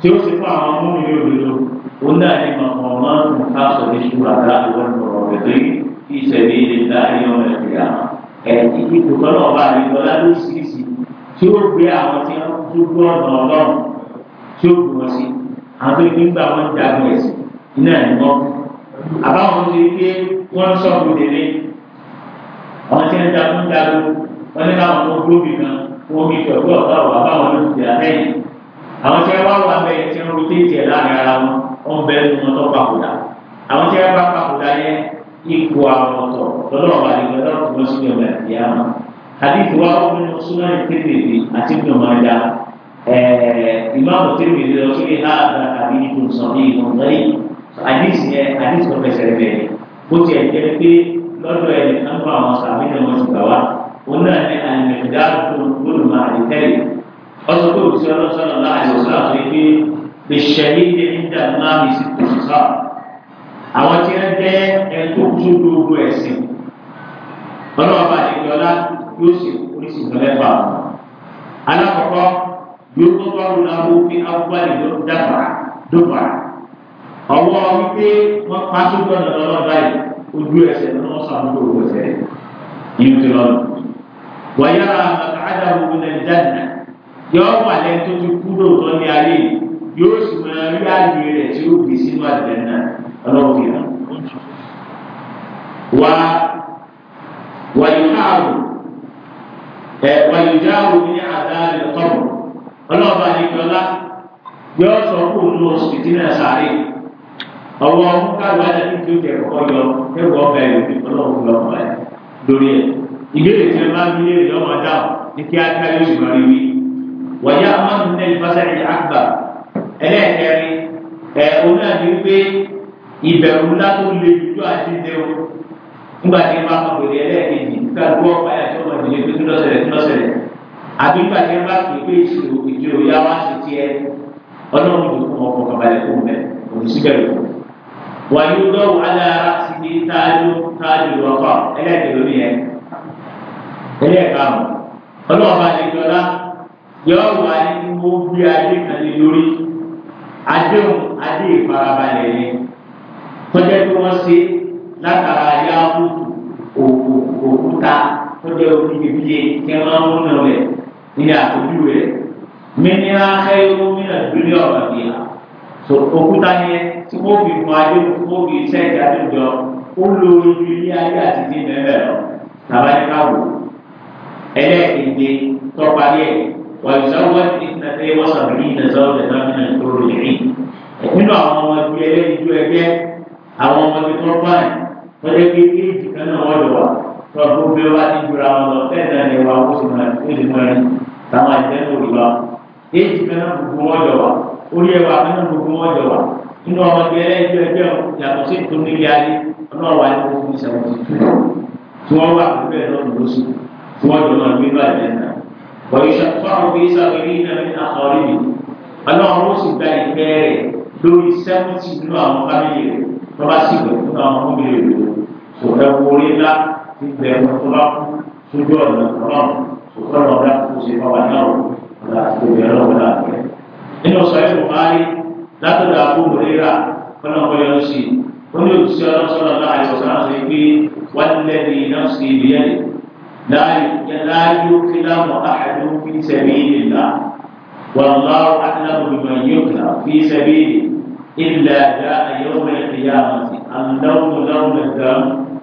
tí ó sì fún àwọn ọmọ mi lódodo ó náà ní mọ̀mọ́ máa ń ká sọ ní ṣúra láti wọ́n lọ́rọ̀ rẹ̀ ẹ̀ tí ó gbé àwọn tí wọn dúró ọ̀nà ọlọ́run tí ó gbé wọn sí àwọn tó ní gbà wọn jagun ẹ̀sìn iná ẹ̀ mọ́ àbáwọn ti rí pé wọ́n ń sọ̀rọ̀ tẹ̀lé àwọn tí wọn jagun jagun wọn ní káwọn tó gbóbi kan wọn kì í pẹ̀lú ọ̀gá ọ̀gá báwọn ló ti dì àtẹ̀yìn àwọn tí wọn wá wà bẹ́ẹ̀ tí wọn rotate ẹ̀ láàrin ara wọn wọn bẹ́ẹ̀ ní wọn tó papòdà àwọn tí wọn bá papòdà yẹn ipò àwọn ọ̀tọ̀ lọ́dọ̀ hadith wa ọkùnrin ọ̀ṣunà ìtẹ̀lẹ̀dì àti ìgbìmọ̀ọ́dà ìmáàmù tẹ̀lẹ̀dì lọ sí ha àgbà àbí ìtòsàn ní ìmọ̀ọ́dàrí hadith yẹn hadith kan fẹsẹ̀ rẹ̀ bó tiẹ̀ jẹ́ pé lọ́dọ̀ ẹ̀ nìkan bá àwọn sàmì náà wọ́n ti gbà wá òun náà ní àlùmẹ̀dá olùmọ̀ àdìtẹ́lẹ̀ ọ̀sọ̀ pé òṣìṣẹ́ ọlọ́sọ̀rọ̀ láàrin òṣìṣẹ́ àti pé ìṣẹ̀lẹ̀ ìdẹ́ nígbà máa mi sí òṣìṣẹ́ àwọn yóò sì oríṣi ìtọ́lẹ́fà. alákọ̀ọ́kọ́ yóò tó tọ́lu lábó fi awúgbàlè ló dàgbà dọ́gba. ọwọ́ wípé wọ́n pa sójú ọ̀nà lọ́wọ́ báyìí ojú ẹsẹ̀ ní wọ́n sàmúlò owó ẹsẹ̀ yìí ti lọ́nu. wàyà àkàdà òun lè dáná yọ wà lẹ́yìn tó ti kú lóòótọ́ ní ayé yóò sì máa rí àyè rẹ̀ tí ó gbé sínú àgbẹ̀ náà ọlọ́run fi hàn. wà wàyà àrùn wàlìjà òní àdáàlì kọ́bù ọlọ́ọ̀bà àdìgbọ́lá yóò sọ kó o lọ sí ìdílé sáré ọwọ́ káwé àdàbí tí ó jẹ kọ́kọ́ yọ ẹ̀rọ ọ̀bẹ ìlú ọlọ́run lọ ọ̀bẹ lórí ẹ̀ ìbéèrè tí ẹ bá ń bílé rẹ̀ ọmọ dáhùn ní kíákíá yóò sì máa rí wí. wọ̀nyá amáhùn náà ní fásitì àgbà ẹlẹ́ẹ̀kẹrin gbàgbọ́ báyà tó wà nílé pé kílọ̀sẹ̀lẹ̀ kílọ̀sẹ̀lẹ̀ àbí pàṣẹ bá pè pé ìṣirò ìṣirò yá wá sí tiẹ̀ ọlọ́run yóò fún ọkọ̀ kàbàlẹ̀ fún mẹ́ òṣìṣẹ́bẹ̀rẹ̀ wà yóò dọ́wọ́ alára sí ní táájú táájú ọkọ̀ ẹlẹ́ẹ̀kẹ́ lórí yẹn ẹlẹ́ẹ̀kẹ́ àwọn ọlọ́run bá lè jọlá yọ adéhùn adé ìfarabalẹ̀ yẹn kọjá bí wọ́n ṣe látara yá ta tó jẹ́ oníkèkújẹ kí ẹ máa ń múnà rẹ̀ ní àkójú rẹ̀ mẹ́nira ẹ̀rọ mìíràn lórí ọ̀rọ̀ yìí à so òkúta yẹn tí wọ́n fi fún adé wọ́n fi iṣẹ́ ìdájọ́ jọ ó lo ojú ilé ayé àti ní mẹ́mẹ́ lọ tàbá ní ká wò ẹlẹ́ẹ̀kejì tọ́parí ẹ̀ wàá ìṣòro wọ́n ti ní ṣe wọ́n sọ̀rọ̀ ní ìdájọ́ ìdájọ́ mìíràn tó rò yìí nínú àwọn ọmọ ẹgbẹ́ ẹlẹ́yinjú ẹgbẹ́ àwọn ọmọ ẹgbẹ́ tó ń báyìí wọ́n jẹ́ kéékèèjì kan náà wọ́n lọ wà tọ́jú bí wá ti jura wọn lọ bẹ́ẹ̀ náà ni wa ó sì máa ó lè mọ ẹni táwọn àìsàn ló rí wa èyí fẹ́ràn gbogbo wọn jọ wa orí ẹwà fẹ́ràn gbogbo wọn jọ wa nínú ọmọdé ẹlẹ́jọ́ ẹgbẹ́ yàtọ̀ sí ìtòmí ilé ayé ọlọ́wà ni wọ́n fi sẹ́wọ́n ti tu tí wọ́n wà pẹ̀lú ẹ̀ lọ́dún lóṣù tí wọ́n jọ máa gbé bàjẹ́ náà wọ́n ṣàtúnṣe bí sábẹ́lì náà ní àkọ́rí mi ọlọ́run ó sì gba ìgbẹ́ rẹ̀ lórí sẹ́wọ́ntì nínú àwọn fámìlì rẹ̀ tó bá sì gbẹ̀ fún àwọn ọmọbìnrin rẹ̀ kò fẹ́ wọlé náà gbígbẹ ọlọ́pàá sójú ọ̀nà ọlọ́run sọ̀tọ́rọ̀ ọ̀dà kò ṣe bá wa náà ọ̀dà àti ìbẹ̀rẹ̀ ọlọ́run náà bẹ̀rẹ̀. nínú sọ̀rọ̀ ìbùkárí látọ̀dọ̀ àbúrò rírà ọlọ́run yọ sí ó ní òṣìṣẹ́ ọlọ́sọ̀rọ̀ náà àìsàn náà pé wọ́n lé ní nọ́ọ̀sì ìbílẹ̀ láàyò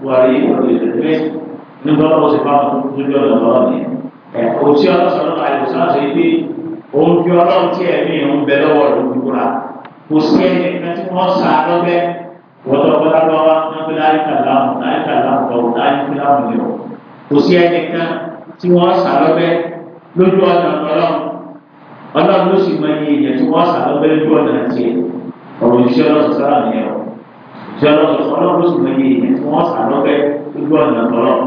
wàrí ìfọ̀lẹ́sẹ̀ nígbà wọn sì fáwọn tó lójú ọ̀nà lọ́wọ́ ni ẹ̀ kò sí ọlọ́sọ̀rọ̀ àìsàn ṣe pé òun fi ọlọ́run tí ẹ̀mí òun bẹ lọ́wọ́ rẹ̀ dúkúra kò sí ẹni kan tí wọ́n sá lọ́bẹ̀ wọ́tọ̀ bọ́lá lọ́wọ́ nígbà láyé kàlámù láyé kàlámù lọ́wọ́ láyé kàlámù lọ́wọ́ kò sí ẹni kan tí wọ́n sá lọ́bẹ̀ ló sì mọ iye ìyẹn tí wọ́n sá lójú ọ̀nà tiẹ̀ ọ̀rọ̀ ìṣẹ́ ọlọ́sọ̀rọ̀ àmì tí ọlọ́run ọlọ́run sì lóye ìyẹn tí wọ́n sà lọ́bẹ̀ gbogbo ọ̀nà tọ́lọ̀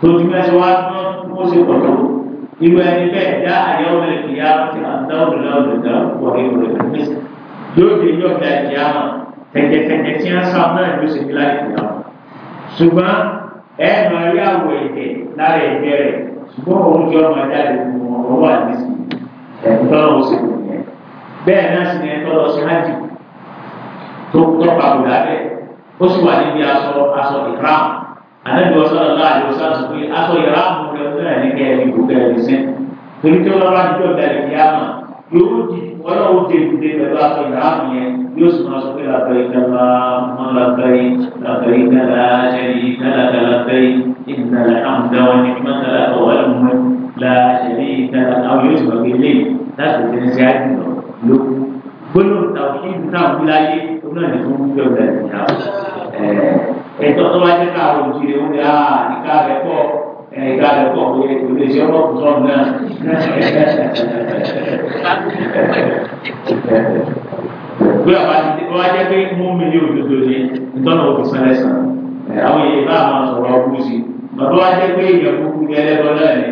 tó ti mẹ́sẹ̀ wá tí wọ́n ṣe pọ̀ tó irú ẹni bẹ́ẹ̀ dá àyẹ̀wò rẹ̀ kì í yá ti àdáwò rẹ̀ lọ́wọ́ rẹ̀ wọ̀ ní ìwòrẹ̀ tó fèsì lóde yóò da ìyá wọn tẹ̀tẹ̀tẹ̀tẹ̀ tí wọ́n sá náà ló ṣe nílá ìyá wọn. ṣùgbọ́n ẹ máa rí àwọ̀ ẹ̀jẹ̀ lára ẹ̀jẹ̀ rẹ̀ ṣùgbọ́n òun jọ máa jáde fún ọ̀rọ̀ tó tọ́ka kù lábẹ́ ó sì wà níbi aṣọ aṣọ ìkram anábì ọsán ọlá àti ọsán sọ pé aṣọ ìram rẹ ọsán ẹni kẹrin ìlú kẹrin sí torí tí ọlọ́run àdúgbò bẹ̀rẹ̀ kí á mà yóò di ọlọ́run tẹ ìdílé pẹ̀lú aṣọ ìram yẹn yóò sì máa sọ pé làbẹ̀rẹ̀ kẹlá mọ́ làbẹ̀rẹ̀ làbẹ̀rẹ̀ kẹlá ṣẹlẹ̀ kẹlá kẹlá bẹ̀rẹ̀ ìdílé àmúdá mọ́tàlá ọ̀wọ́ náà ní fún fífẹ́ ọ̀dà ìjà ẹ̀tọ́ tó wá jẹ́ káàró òjìlé ó dá ìka rẹ̀ pọ̀ ìka rẹ̀ pọ̀ pé kò lè ṣe ọlọ́kùn tọ́ náà. pé àwa ti wá jẹ́ pé mú mi ní òdodo ni ìtọ́nà òfin sẹ́lẹ̀ sàn àwọn èèyàn bá àwọn sọ̀rọ̀ ọkùnrin sí bàbá wa jẹ́ pé èèyàn kúkú ní ẹlẹ́gbọ́n náà ni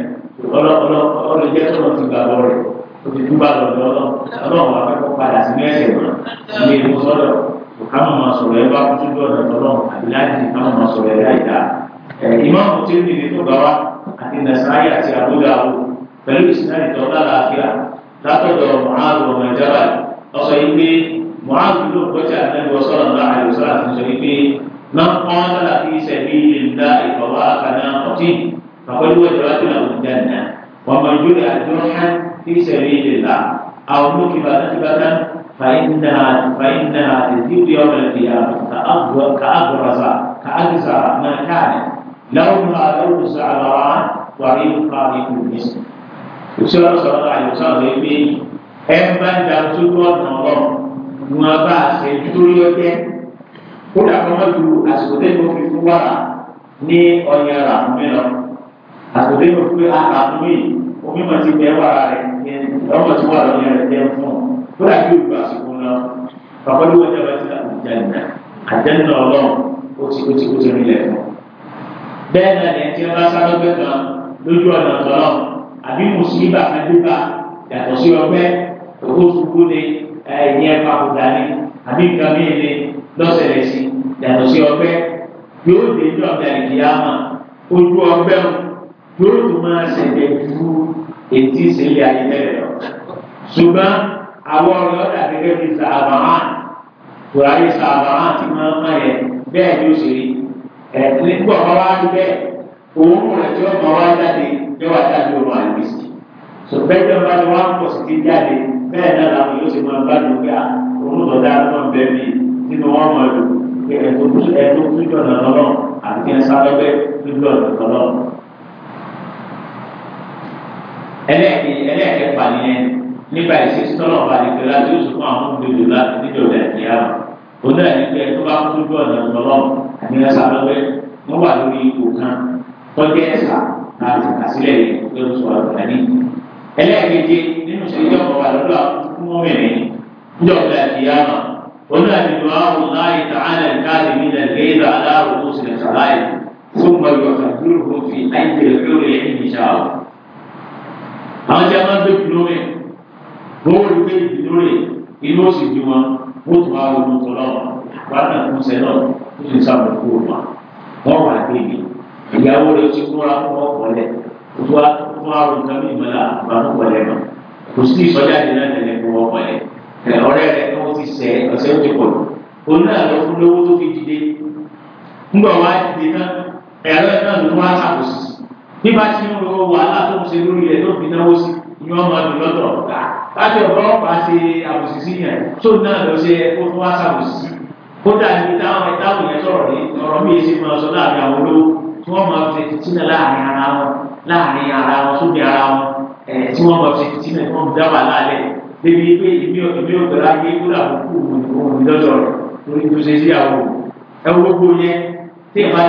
ọlọ́jẹ́ tó lọ ti gbàgbọ́ rẹ̀ ó ti dúbà lọ́dọ̀ ọlọ́run àwọn akẹ́kọ̀ọ́ padà sí ní ẹ̀sẹ̀ náà káwọn máa sọ̀rọ̀ ẹ bá kú sí ọ̀nà tọ́lọ́ àbí láti káwọn máa sọ̀rọ̀ ẹ láìda ìmáàmù tí ó nìyí tó bá wa àti nàṣàáyà àti àbúdá o pẹ̀lú ìsìnkáyì tó lálàáfíà látọ̀dọ̀ mọ̀háàlù ọmọ ìjábà lọ́sọ̀ yìí pé mọ̀háàlù ló gbọ́jà lẹ́nu ọ̀sọ́rọ̀ ńlá àyọ̀sọ́ àtúnṣe yìí pé náà kọ́n lára fi sẹ̀bi ìlà ìfọwọ́ àkànná ọtí àpẹẹrẹ ìjọba àwọn ìjànà wọn máa ń gbé àjọ فإنها فإنها تزيد يوم القيامة كأبرز كأجزى ما كان لونها لون الزعفران وريقها ريق المسك. Òṣèlú sọ̀rọ̀ láàyè sọ̀rọ̀ yìí pé ẹ ń bá ìdá sójú ọ̀nà ọ̀rọ̀ wọn bá ṣe torí ọjẹ́. Kódà kan wọ́n ju àsìkò tó ní ọ̀yà rà mí lọ. Àsìkò omi mọ̀ ti bẹ̀ wàrà rẹ̀ ọmọ tí wàrà rẹ̀ jẹ́ fún kódà bí òkú àsìkò náà pàpọ́lú wọn jábá ti láti jáde náà àjẹ́nu náà lọ́rùn ó ti ó ti ó ti rí ilẹ̀ fún. bẹ́ẹ̀ náà ni ẹtí ọba sáré ọgbẹ́ kan lójú ọ̀nà tọ́lọ̀ àbí mùsùlùmí bàbá débà yàtọ̀ sí ọgbẹ́ owó sùkú ni ẹ̀yìn ẹ̀fà kúta ni àbí nǹkan mìíràn ni lọ́sẹ̀lẹ̀ sí yàtọ̀ sí ọgbẹ́ yóò dé ní ọ̀gá ìdíyàmà ojú ọgbẹ́ yóò tún máa ṣẹ̀dẹ̀ ju ètí ìṣẹ̀lẹ̀ ayé tẹ́lẹ̀ lọ. ṣùgbọ́n àwọn ọ̀rọ̀ lọ́dà gẹ́gẹ́ bí sàbàrán kùráyé sàbàrán ti máa ń máa yẹ bẹ́ẹ̀ ni ó ṣe rí ẹ̀ nígbà wọn wá rí bẹ́ẹ̀ òun kò rẹ̀ tí ó mọ̀ wá jáde bí wàá jáde òun àìbísí sọ̀bẹ́jọ́ bá ní wọ́n á pọ̀ sí ti jáde bẹ́ẹ̀ náà làwọn yóò ṣe máa bá dùn pé òun lọ dáa lọ́n bẹ́ẹ̀ mi nínú wọn mọ̀ lò pé ẹ̀tọ́ kújọ́ nàná nípa ìṣesí tọ́lọ̀ ọba àdìgbò láti oṣù fún àwọn olùdíjọ láti díjọ rẹ̀ ní àná òun náà ní pé tó bá kú lójú ọ̀nà ìtọ́lọ́ àdìgbò sábẹ́wẹ́ wọ́n wà lórí ipò kan tọ́jú ẹ̀sà láti kàsílẹ̀ pé ó sọ àgbà ní. ẹlẹ́ẹ̀kejì nínú ìṣèjọ́ ọba lọ́dọ̀ fún mọ́mìnrin níjọ rẹ̀ ní àná òun náà ní àwọn jẹ́ máa wọ́n rí pé ìdúró rẹ̀ inú òsì bí wọn wọ́n tún wá ronú tó lọ́wọ́ wàhálà fún sẹ́nà tó ti sábà kú wọn wọ́n wà débi ìyàwó rẹ̀ ti múra fún ọ̀pọ̀lẹ̀ tó wá tó wá ronú tàbí ìmọ̀lá àbámọ̀pọ̀lẹ̀ náà kò sí ìsọjá ìdílé ẹ̀dẹ̀ fún ọ̀pọ̀lẹ̀ ọ̀rẹ́ rẹ̀ tó ti sẹ́ ọ̀sẹ̀ ó ti pọ̀ lọ oní àlọ́ fún lówó tó fi dìde ńgbà wá dìde náà ẹ̀rọ náà láti ọ̀rọ̀ ọ̀pá ṣe àbòsísí yẹn tó náà lọ ṣe kó tó wá ṣàbòsísí kódà níbi táwọn ẹ̀dáwò yẹn sọ̀rọ̀ ní ọ̀rọ̀ bí èsì máa sọ láàrin àwọn olówó tí wọ́n máa fi tìtìnà láàrin ara wọn láàrin ara wọn sóbi ara wọn ẹ̀ tí wọ́n máa fi tìtìnà tí wọ́n dá wà lálẹ́ débi pé ìmí ìmí ògbẹ́lá gbé kúrò àkókò òun ìdọ́jọ́ rẹ̀ lórí tó ṣe sí àwọn ẹ̀wọ́ gbogbo yẹn tí ìbá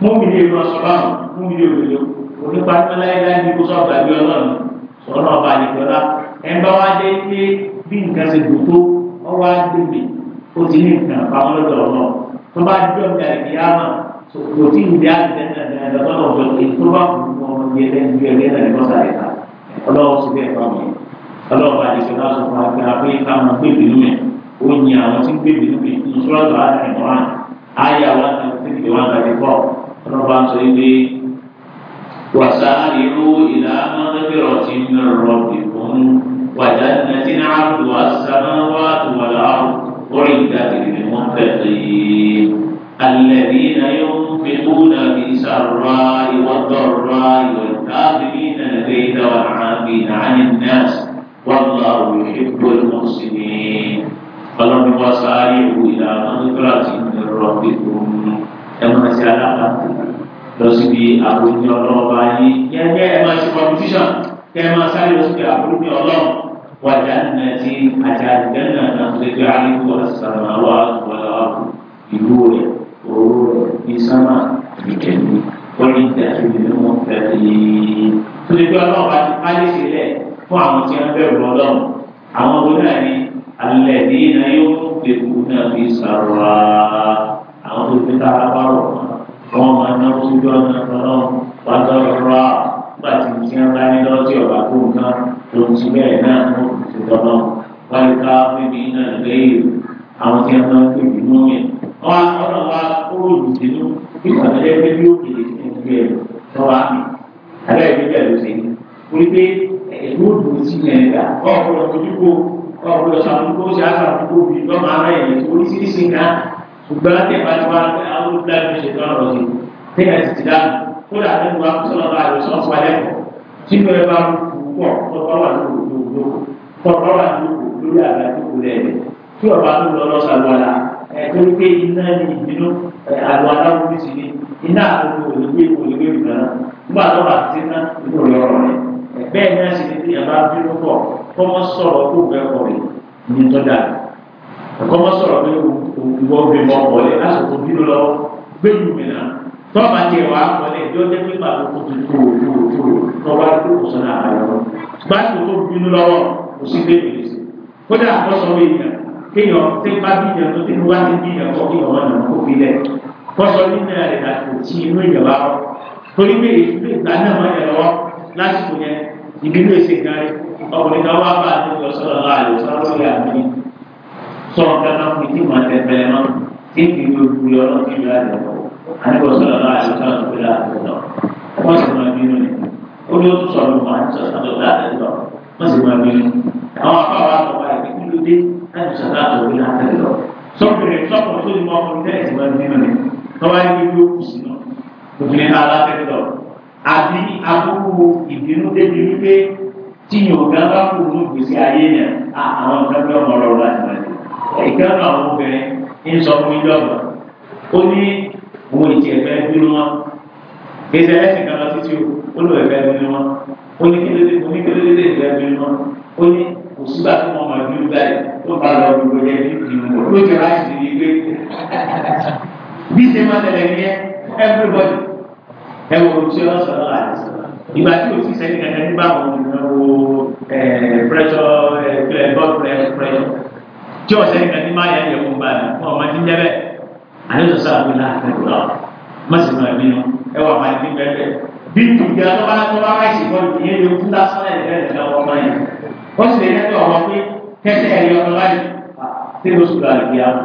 múmìnì ìlú ọ̀sọ̀rọ̀mù múmìnì òdodo onípa nípaláyéláyé ní kó sọ̀rọ̀ gbàgbé ọlọ́run sọ̀rọ̀ náà bá ní ìjọba ẹnbá wa dé pé bí nǹkan ṣe dùn tó ọwọ́ agbègbè ó ti ní nǹkan àpamọ́ lọ́dọ̀ ọ̀nà tó bá dúró ní àdìgbì yàrá kò tí ì di àdìgbẹ́nà ìdàgbàsókè ọ̀dọ̀ èyí tó bá kù mọ́ ọmọ yẹlẹ́ni bí ẹlẹ́ni lọ́ ọlọ́ba sọ wípé wàsáàlìrú ìlànà lẹ́bẹ̀rọ̀ ti ń rọ̀ ìfún wàjá nàti náà الذين ينفقون في سراء والضراء والكاظمين الغيظ والعافين عن الناس والله يحب المحسنين فلم وسارعوا الى مغفرة من ربكم كما سأل lọ síbi àbójútó ọlọ́run bá yí yẹ́nbẹ́ ẹ máa ṣe competition kẹ́ ẹ máa sáré lọ síbi àbójútó ọlọ́run wàjà nàti àti àdìgẹ́nà àtúndéjọ́ àríwó àṣàrò àwọn àgbọ̀lá ìlú rẹ̀ òru rẹ̀ ìsámà ìkẹ́ni wọ́n ń tẹ̀sí nínú wọn tẹ̀lé. Tólégbé ọlọ́run bá ti pálí sílẹ̀ fún àwọn tí wọ́n bẹ̀rù ọlọ́run. Àwọn wo náà ni alẹ́ ní iná yóò fún náà fi sàrọ̀ àwọn tó fi tára wọn máa ná sójú ọ̀nà ọlọ́run wọn ọ̀rọ̀ nígbà tí mo bá ní lọ́sí ọ̀bà kó nǹkan tó ń ti bẹ́ẹ̀ náà mú ìṣèjọ náà wọ́n lè ká bíbí náà lẹ́yìn àwọn tí wọ́n máa ń pè mí mú mi. wọ́n á ọ̀nà wa kúrò lùdínú bí ìpàdé pé bí òkèlè ti ń gbé ẹ̀ lọ́wọ́ àmì alẹ́ ìdí bẹ́ẹ̀ ló ṣe ní. orí pé ẹ̀rú òdùn sí nàìjíríà ọ̀pọ̀lọpọ̀ ṣùgbọ́n tẹ̀ bá ti wá àwọn olùdarí ṣe tó ọ̀rọ̀ yìí tẹ̀ ẹ̀ sì ti dá kódà nínú wa sọ̀rọ̀ bá àyè sọ̀rọ̀ wálẹ̀ tí mo bá pọ̀ tọ́kọ́ wà ní òdòdó tọ́kọ́ wà ní òdòdó lórí àgbàdo rẹ̀ tí ọba tó lọ lọ́sà lọ́la ẹ̀ tó ń gbé iná ní ìbínú àlọ́ aláwòrán sí ni iná àlọ́ òdòdó èkó ìwé ìgbà náà nígbà tó bá ti ná inú rẹ̀ ọ̀rọ̀ rẹ̀ bẹ́ẹ̀ ni a sì ní kọ́mọ́ sọ̀rọ̀ pé ìwọ gbé mọ́ mọ́lẹ̀ lásìkò bínú lọ gbẹ́yìn mi náà tọ́ba tiẹ̀ wá mọ́lẹ̀ yóò jẹ́ pé bàbá kò tó tó tó tó tọ́ba tó kò sọ́nà àárọ̀ gbàtò tó bínú lọ́wọ́ kò sí bẹ́ẹ̀ lè ṣe kódà àkọ́sọ wẹ̀ yìí kéèyàn tẹ́ bá bíyàn tó tẹ́nu wá ní bíyàn kọ́ kí ọmọ náà kó fi lẹ̀ kọ́sọ nínú rẹ̀ lásìkò tí inú ìjọba rọ torí pé ìlú ìta náà máa yẹ lọ́wọ́ lásìkò yẹn ìbínú èsì gan ọkùnrin náà wá bá a sọ kankan kò tí ma tẹ bẹrẹ náà tí kì í lóru yọ ọ kí lóra rẹ lọ àníkọ sọ̀rọ̀ náà àti sọ̀rọ̀ tó lóra rẹ lọ wọn sì máa bínú ni ó ní o tún sọ̀rọ̀ mọ àti sọ̀rọ̀ tó lóra rẹ lọ wọn sì máa bínú àwọn afárá àtọwà yìí kí ló dé láti sọ̀rọ̀ àtọwà lóra rẹ lọ sọkùnrin sọkùnrin tó ti mọ ọkùnrin tẹ́lẹ̀ sì máa bínú ni tọ́wá yìí ló kù sí náà òfin ní aláfẹ́ lọ àbí àbúrò ìbínú débi wípé tíyàn ọ̀gá bá kù ní ìgbésí ayé yẹn àwọn ọ̀gá bí ọmọ ọlọ́run láti máa ìkẹ́ àwọn obìnrin ń sọ fún ilé ọ̀gbà ó ní òun ìtì ẹ̀fẹ́ bínú wọn kì ṣe ẹlẹ́sìn kan lọ títí o bínú wọn ó ní kílódé ó kílódé lè ẹ̀fẹ́ bínú wọn ó ní kò sígbà tó wọn máa bínú báyìí tó bá lọ gbogbo jẹ bí ìlú wọn ló jẹ láì sí ilé bí ṣe máa tẹ̀lé ní ẹ everybody ẹ wọ ojú ẹ lọ́sọ̀ọ́ lọ́la àti ìgbà tí o ti sẹ́ni kẹ̀kẹ́ nígbà wọn ò ní ọ eh, pressure eh, blood pressure tí ọ̀sẹ̀ nǹkan tí máa yẹ ẹ̀yẹ fún bá mi fún ọmọ tí ń jẹ́ bẹ́ẹ̀ àlejò sáà wí láàfin lọ má sì máa bínú ẹ wà máa bí bẹ́ẹ̀ bẹ́ẹ̀ bí tùgbẹ́ tó bá tó bá ráìsì bọ́ ìyẹn ló kú lásán ẹ̀ bẹ́ẹ̀ lọ ọmọ yẹn ó sì lè lẹ́tọ̀ ọmọ pé kẹsẹ̀ ẹ̀yẹ ọmọ láyé tí ló sùn àlùkí àwọn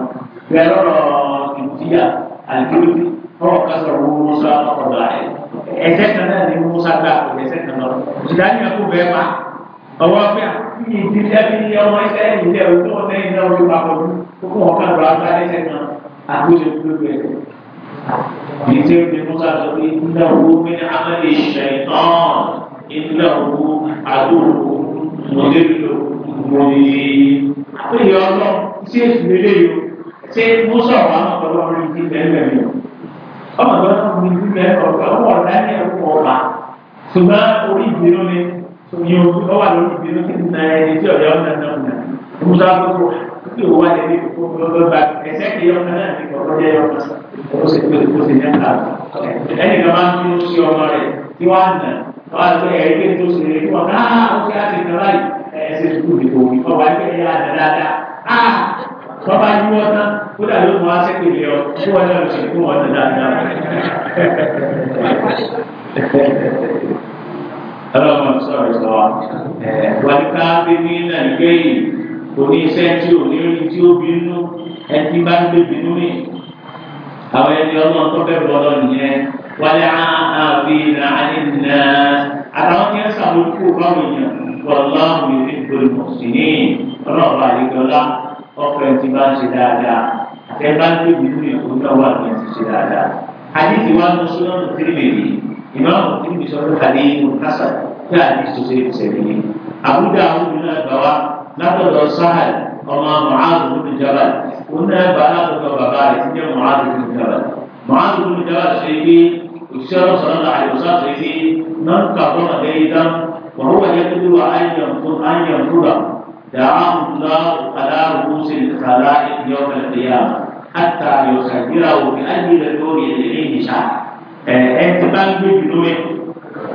bẹ́ẹ̀ lọ́rọ̀ ìdíyà àlùkí ọ̀rọ̀ kásọ̀ owó mọ́sá ọ̀rọ̀ ọwọ́ pé àti ìdílé bí ọmọ iṣẹ́ ìdílé ọ̀hún tó wọ́n lẹ́yìn náà wọ́n papọ̀ ní kókó wọn kan lọ́wọ́ bá lẹ́sẹ̀ náà àgbóṣe gbogbo ẹ̀. èyí tí ó di mú sáà sọ pé iná owó mi ní amẹ́lẹ̀ ìṣẹ̀ náà iná owó àdóòwò mọ̀lẹ́lò mọ̀lẹ́. àpéyẹ ọlọ tí èsì lélẹ̀ yìí ṣé mú sọ̀rọ̀ àwọn ọ̀pọ̀lọpọ̀ ọmọ ìdí mẹ́mẹ́rin ọmọ ìdí mẹ́mẹ́rin ọ̀pọ̀ yóò ọwà lórí ìbínú kí n na ẹni tí ọ̀yọ́ ọ̀nà náà nà musa gbogbo kí o wá lẹ́ni kókó lọ́gbà ẹsẹ̀ kì í ọ̀nà náà ní kọ̀ọ̀rọ̀ yẹ ọ̀nà ó sì pé kó sì ní ẹ̀ka ẹni kan máa ń tún sí ọmọ rẹ̀ tí wọ́n á nà wọ́n á lọ ẹ̀rí pé tó sì rẹ̀ kí wọ́n á ókè á ti nà báyìí ẹsẹ̀ sùkúrù ní òwì ọba ẹgbẹ́ yẹn á nà dáadáa á bàbá yí ọlọ́run sọ̀rọ̀ sọ wàlíkà bíbí nàìjíríà òní iṣẹ́ tí ò ní orí tí ó bínú ẹtí bá ń gbé bínú mi àwọn ẹni ọlọ́run tó bẹ̀rù ọlọ́run nìyẹn wàlẹ́ àbí nàánínà àtàwọn tí ń sàmójúkú báwọn èèyàn wọláhùn ìdí gbòòrò sí ní ọlọ́run àdìgbọ́lá ọkọ̀ ẹtí bá ń ṣe dáadáa àtẹ ń gbé bínú ìkójọ wà ní ẹtí ṣe dáadáa إمام الدين بشر حليم حسن لا يستسير سبيله أبو داود من الدواء نقل سهل وما معاذ بن جبل قلنا بلاغ وبغاري هي معاذ بن جبل معاذ بن جبل سيدي الشر صلى الله عليه وسلم سيدي من كفر بيتا وهو يقدر أن ينفر أن ينفر دعاه الله على رؤوس الخلائق يوم القيامة حتى يخبره بأجل الدور يدعيه شعر ẹ ẹ ti bá gbé ìbínú rẹ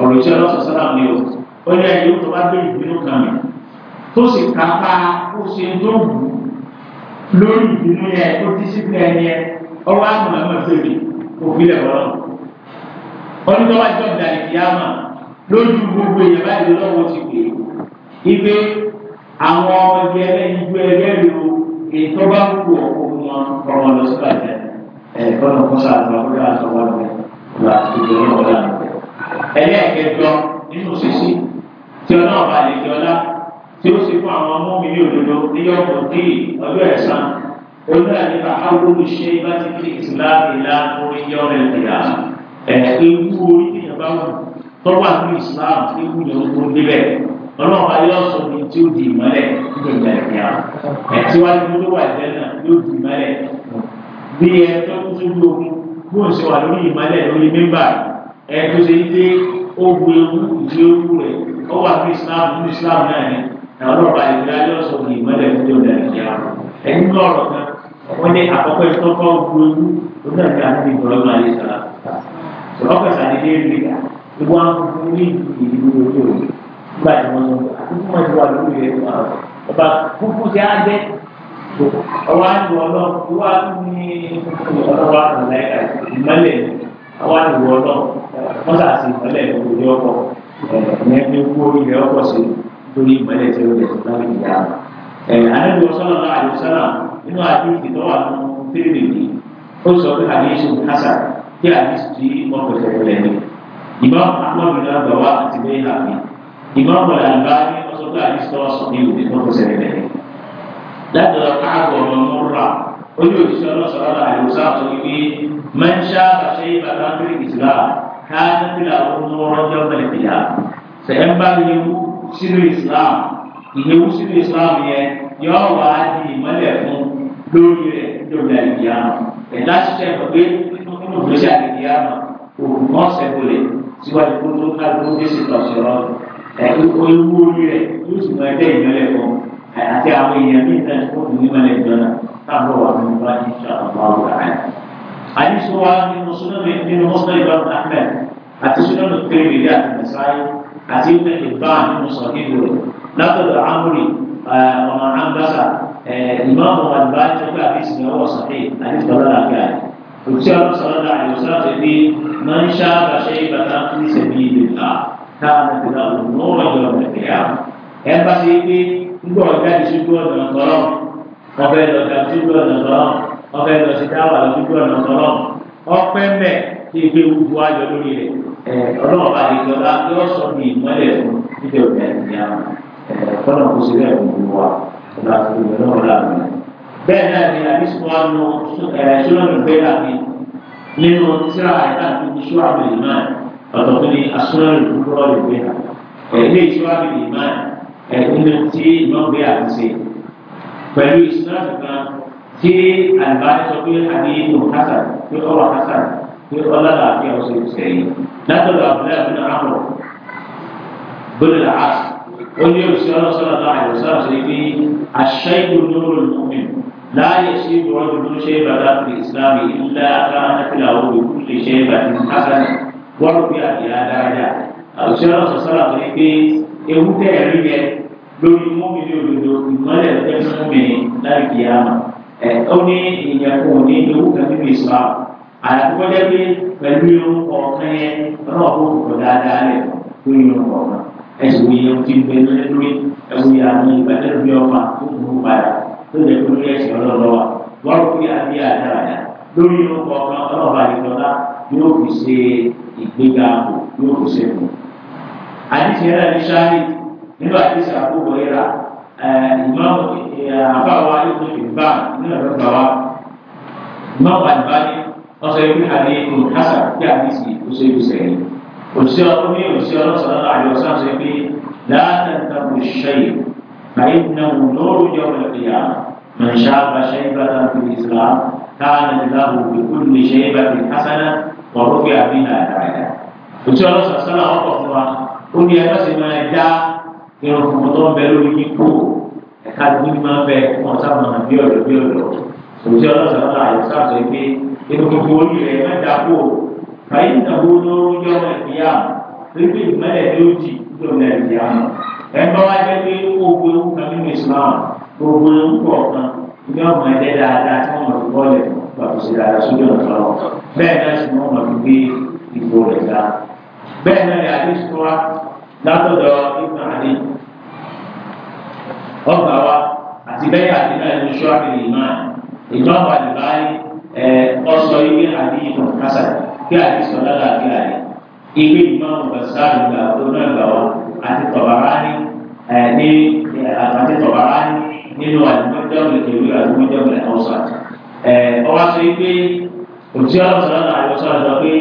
ọ̀rọ̀ tí ọlọ́sọ̀ sọ́lá mi o ó yẹ ẹ̀yọ́ tó bá gbé ìbínú kan mi tó sì kápá ó ṣe tó wù lórí ìbínú yẹ ó ti sí pé ẹni yẹ ọwọ́ àmọ̀ ẹ̀mọ́ fèrè òfin lẹ̀ wọ́n. ọdúnlọ́wọ́ jọ ìdàlẹ̀ kìámà lójú gbogbo èèyàn báyìí lọ́wọ́ ti pè é ipe àwọn ọmọ ẹgbẹ́ ẹlẹ́yin ju ẹgbẹ́ lo ètò bá wù ọ̀pọ̀ wọn ọmọ lọ sí bàjẹ́ ẹ̀ kọ́nà kọ́sà àgbà kó dáa sọ lọ́wọ́ ìwà àtúntò ní ọ̀la. ẹlẹ́ẹ̀kẹjọ nínú ṣíṣí tí ọ náà bá lè di ọlá tí ó sì fún àwọn ọmọ mi ní òdodo ní ọkọ̀ dé ọjọ́ ẹ̀sán olúwa ní bàbá olùṣe bá ti fi ìsìláàmù ìlà orí yọ rẹ̀ dìrà ẹ̀ ewu orí nìyẹn bá wù tọ́wọ́ àti ìsìláàmù ewu yẹn ó tó níbẹ̀ ọlọ́run ayé ọ̀sán ni tí ó di ìmọ́lẹ̀ nígbà ìgbà ìgbà ẹ̀ tí wàá ní olówó àjẹ́ náà yóò di ìmọ́lẹ̀ bí ẹ tó kú sójú ogun bó ń ṣe wà lórí ìmọ̀lẹ̀ lórí mẹ́mbà ẹ̀ tó ṣe dé ogun ewu ìwé ewu rẹ̀ ó wà fún Islam fún Islam náà ni àwọn ọlọ́ọ̀bà ìgbé ayé ọ̀sọ̀ ní ìmọ̀lẹ̀ tó dà ìyá ẹ̀yìn náà ọ̀rọ̀ kan wọ́n ní àkọ́kọ́ ìtọ́kọ́ ogun ewu ó náà ní àti ìgbọ̀lọ́gbà ayé sàrà sọ̀rọ̀kọ̀ sàdédé rí ká ìwọ àwọn ní ìlú ojú òní nígbà tí wọ́n sọ jẹ́ ọwọ́ àti ọlọ́run tó wà ní ọ̀rọ̀ wa nà láyà ìmọ̀lẹ̀ ọwọ́ àti ọlọ́run wọ́n sà sí ìmọ̀lẹ̀ òde ọkọ̀ ẹ̀yẹ́ fi kú ilẹ̀ ọkọ̀ sí torí ìmọ̀lẹ̀ tí ó lè tó láti ìyá rẹ̀. àdébí ọ̀sán náà àdùsánà nínú àdúgbò tó wà nínú fèrè yìí ó sọ pé àdéhùn kásà tí àdéhùn tí wọ́n pèsè rẹ̀ ni. ìmọ̀ akọ́bìnrin àgbà wa àti bẹ́ẹ̀ àmì ìmọ̀ ọ̀pọ̀lọpọ̀ látọ̀dọ̀ káàbọ̀ ọ̀nà múra ojú òṣìṣẹ́ ọlọ́sọ̀rọ̀ àìwòsàn àti wípé mẹ́ńṣá àṣẹ ìbàdàn kiri ìsìlá káàdé kiri àwọn ọlọ́jọ́ mẹ́lẹ̀kìlá sẹ́yìnbá ni ewu sínú Islam ìyẹwu sínú Islam yẹn yọ wá di ìmọ́lẹ̀ fún lórí rẹ̀ lórí àìdíyàmọ̀ ẹ̀dá ṣiṣẹ́ ìgbàgbé nínú ìgbésẹ̀ àìdíyàmọ̀ òkú kan ṣẹ́gbọ̀lẹ̀ síwájú kó tó ká ló dé sí ìtọ̀sọ̀rọ̀ ẹ̀ àti àwọn èèyàn ní ìtàn tó kù ní mẹ́lẹ̀ ìjọba káàbọ̀ wà nínú bá ní sọ àwọn ọ̀rọ̀ àyà. àdìsọ wa nínú súnámì nínú mọ́sán ìbá ahmed àti súnámì kéré àti mẹ́sáyé àti ibn ìbá nínú sọ̀kìlù rẹ̀ látọ̀dọ̀ amúrì ọmọ ambasa ìmáàmù àdìbá jẹ́gbẹ́ àbísí ní ọwọ́ sọ̀kì àti ìtọ́lá làbíà òtí ọlọ́ sọ̀rọ̀ àyọ̀sọ̀rọ̀ tẹ̀lé máa ń ṣá àṣẹ ìbàdàn fún ìṣẹ̀bí ìlú ká káà nàìjíríà lọ́wọ́ ìjọba nàìjíríà ẹ bá ṣe pé nígbà ọ̀gá ìṣojú ọ̀nà ọ̀tọ̀rọ̀ ọ̀fẹ́ lọ́jà ìṣojú ọ̀nà ọ̀tọ̀rọ̀ ọ̀fẹ́ lọ́sí dáwà lọ́síjú ọ̀nà ọ̀tọ̀rọ̀ ọ̀pẹ́ mẹ́ kí ebi wúwo ayọ̀ lórí rẹ̀ ọlọ́run bá lè jọba yọ sọ ní ìmọ́lẹ̀ fún níbi ọ̀gá ìyá fọlọ́ kó sí bẹ́ẹ̀ fún wa ọ̀gá ìgbìmọ̀ náà bẹ́ẹ̀ náà ni àbísọ̀ ọ̀nà ṣọlọ́run bẹ́ẹ̀ àbí nínú tíra àìdá tó ti ṣọ́ àbẹ̀lẹ̀ náà tó ní asọ́nà ìdúró ìwé náà èyí tí wàá ẹtúndé tí ìmọ̀gbé àtúnṣe pẹ̀lú ìṣúná kan tí àlùbáyé sọ pé àdéhùn hasan pé ọ̀rọ̀ hasan pé ọlọ́lá àti ọ̀sẹ̀ ìṣẹ̀yìn látọ̀dọ̀ àbúlẹ̀ àbúlẹ̀ àmọ̀ gbọ́dọ̀ là á ó ní òṣìṣẹ́ ọlọ́sọ̀rọ̀ náà àìsàn ṣe bí aṣẹ́gun lóru lómi láàyè sí ìwọ́dún tó ṣe bàbá fi ìsìlámù ilé akáńtàkìlà òwe kú lè ṣe bàtí hasan wọ́n fi àdìyà dáadáa òṣìṣẹ́ ọlọ́sọ̀rọ̀ náà ewu tẹ̀yẹ̀rí yẹ lórí mọ́mìnì òdodo ìmọ̀lẹ̀ ọ̀jẹ̀ mọ́mìnì láì kí á mọ̀ ẹ̀ ó ní ìyẹ̀kùn ní ewu kan nínú ìsọ̀ àyàtúkọ́jẹ́ pé pẹ̀lú irun kọ̀ọ̀kan yẹn náà kó kọ̀ dáadáa rẹ̀ tó irun kọ̀ọ̀kan ẹ̀sùn yìí ti ń bẹ lórí ẹ̀sùn yìí àmì ìgbàdẹ́rù bí ọmọ tó kù padà tó lè kó lórí ẹ̀sìn ọlọ́lọ́wà wọ́n fi àbí àdáradà lórí irun kọ̀ọ̀kan ọlọ́ọ̀bà ìjọba yóò fi ṣe ìgbéga yóò fi ṣe kù. àdìsí yẹn láti ṣáájú nígbà tí sàkó wọ yẹra ìmọ̀ àbáwá yóò fi bá nígbà tó gbà wá ìmọ̀ àdìbáyé ọ̀sẹ̀ ibi àdé ìlú kásà kí àdìsí oṣù ibi sẹ́yìn òṣìṣẹ́ ọdún ní òṣìṣẹ́ ọlọ́sàn náà àjọ sáà sọ pé láàrín tàbí ṣẹ́yìn báyìí náà lóru yọ ọ̀rẹ́dìyà من شاب شيبة في الإسلام كانت له بكل شيبة حسنة ورفع بها العلم. وشاء الله صلى الله عليه وسلم ó ní ẹjọ́ sì máa dá irun fún ọtọ́ bẹ lórí kíkó ẹ̀ka ìdílé máa bẹ wọn sábà máa bí ọ̀dọ̀ bí ọ̀dọ̀ òṣìṣẹ́ ọlọ́sàn náà àyè sábà sọ pé inú gbogbo orí rẹ̀ má dà kó báyìí nígbà wo ló ń yọ ọmọ ìfìyà pépé ìmọ̀lẹ̀ ló jì lómìnà ìfìyà ẹ̀ńbọ́n wá jẹ́ pé gbogbo ewu kan nínú Islam gbogbo ewu kọ̀ọ̀kan ní ọmọ ẹ̀dẹ́ dáadáa tí wọ́n mọ̀ fi bọ́ọ̀lẹ̀ gbàgbọ́sẹ̀ dáadáa sójú ọ̀nà bẹ́ẹ̀ náà sì ni wọ́n bẹ́ẹ̀ náà ni àdé sùn wa látọ̀dọ̀ ibùdó àdé ọgbà wa àti bẹ́ẹ̀ àdé náà ni oṣù àbẹ̀rẹ̀ ìmáà ìjọba àdìbáyé ẹ̀ ọ̀sọ̀ ilé àdé ìbọn kásá kí àdé sọ lọ́la kí àdé ilé ìmáà ọ̀gbàsá ìgbà onáàgbà wa àti tọ̀bàrá ní ẹ̀ ní àti tọ̀bàrá nínú àdìmọ́jọ́ ìkèwé àdìmọ́jọ́ ìkèwé ọ̀sà ẹ̀ ọ òtí àwọn sọ̀rọ̀ àyọ̀sọ̀ àgbà pé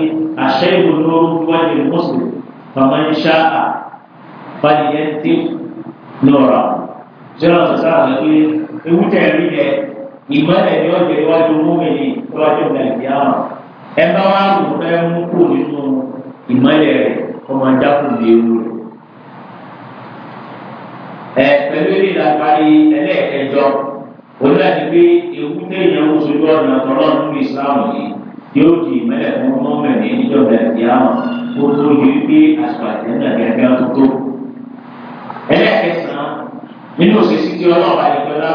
àṣẹ ìbòdó wájú mùsùlùm fàmà ń ṣá à fàdìyẹ tí lọ́ra òtí àwọn sọ̀rọ̀ àgbà pé ewu tẹ̀lé yẹ ìmọ̀lẹ̀ ní ọ̀jẹ̀ iwájú mọ́mìnì iwájú nàìjíríà ẹ bá wà lù fẹ́ mú kù nínú ìmọ̀lẹ̀ rẹ̀ ọmọ dákùn lé ewu rẹ̀ ẹ pẹ̀lú èdè làbárí ẹlẹ́ẹ̀kẹjọ òun náà ti gbé ewu tẹ̀yẹ̀ oṣù lọ́ọ̀nà tọ́lọ́ọ̀nù ìsìlámù yìí yóò di ìmẹ́lẹ̀ fún mọ́mẹ́rin níjọba ẹ̀dí àwọn tó tó yí pé àṣà ìtẹ́nà gẹ́gẹ́ tó tó. ẹlẹ́kẹsàn-án nínú òṣèṣì tí ọlọ́run àyẹ̀kọ́lá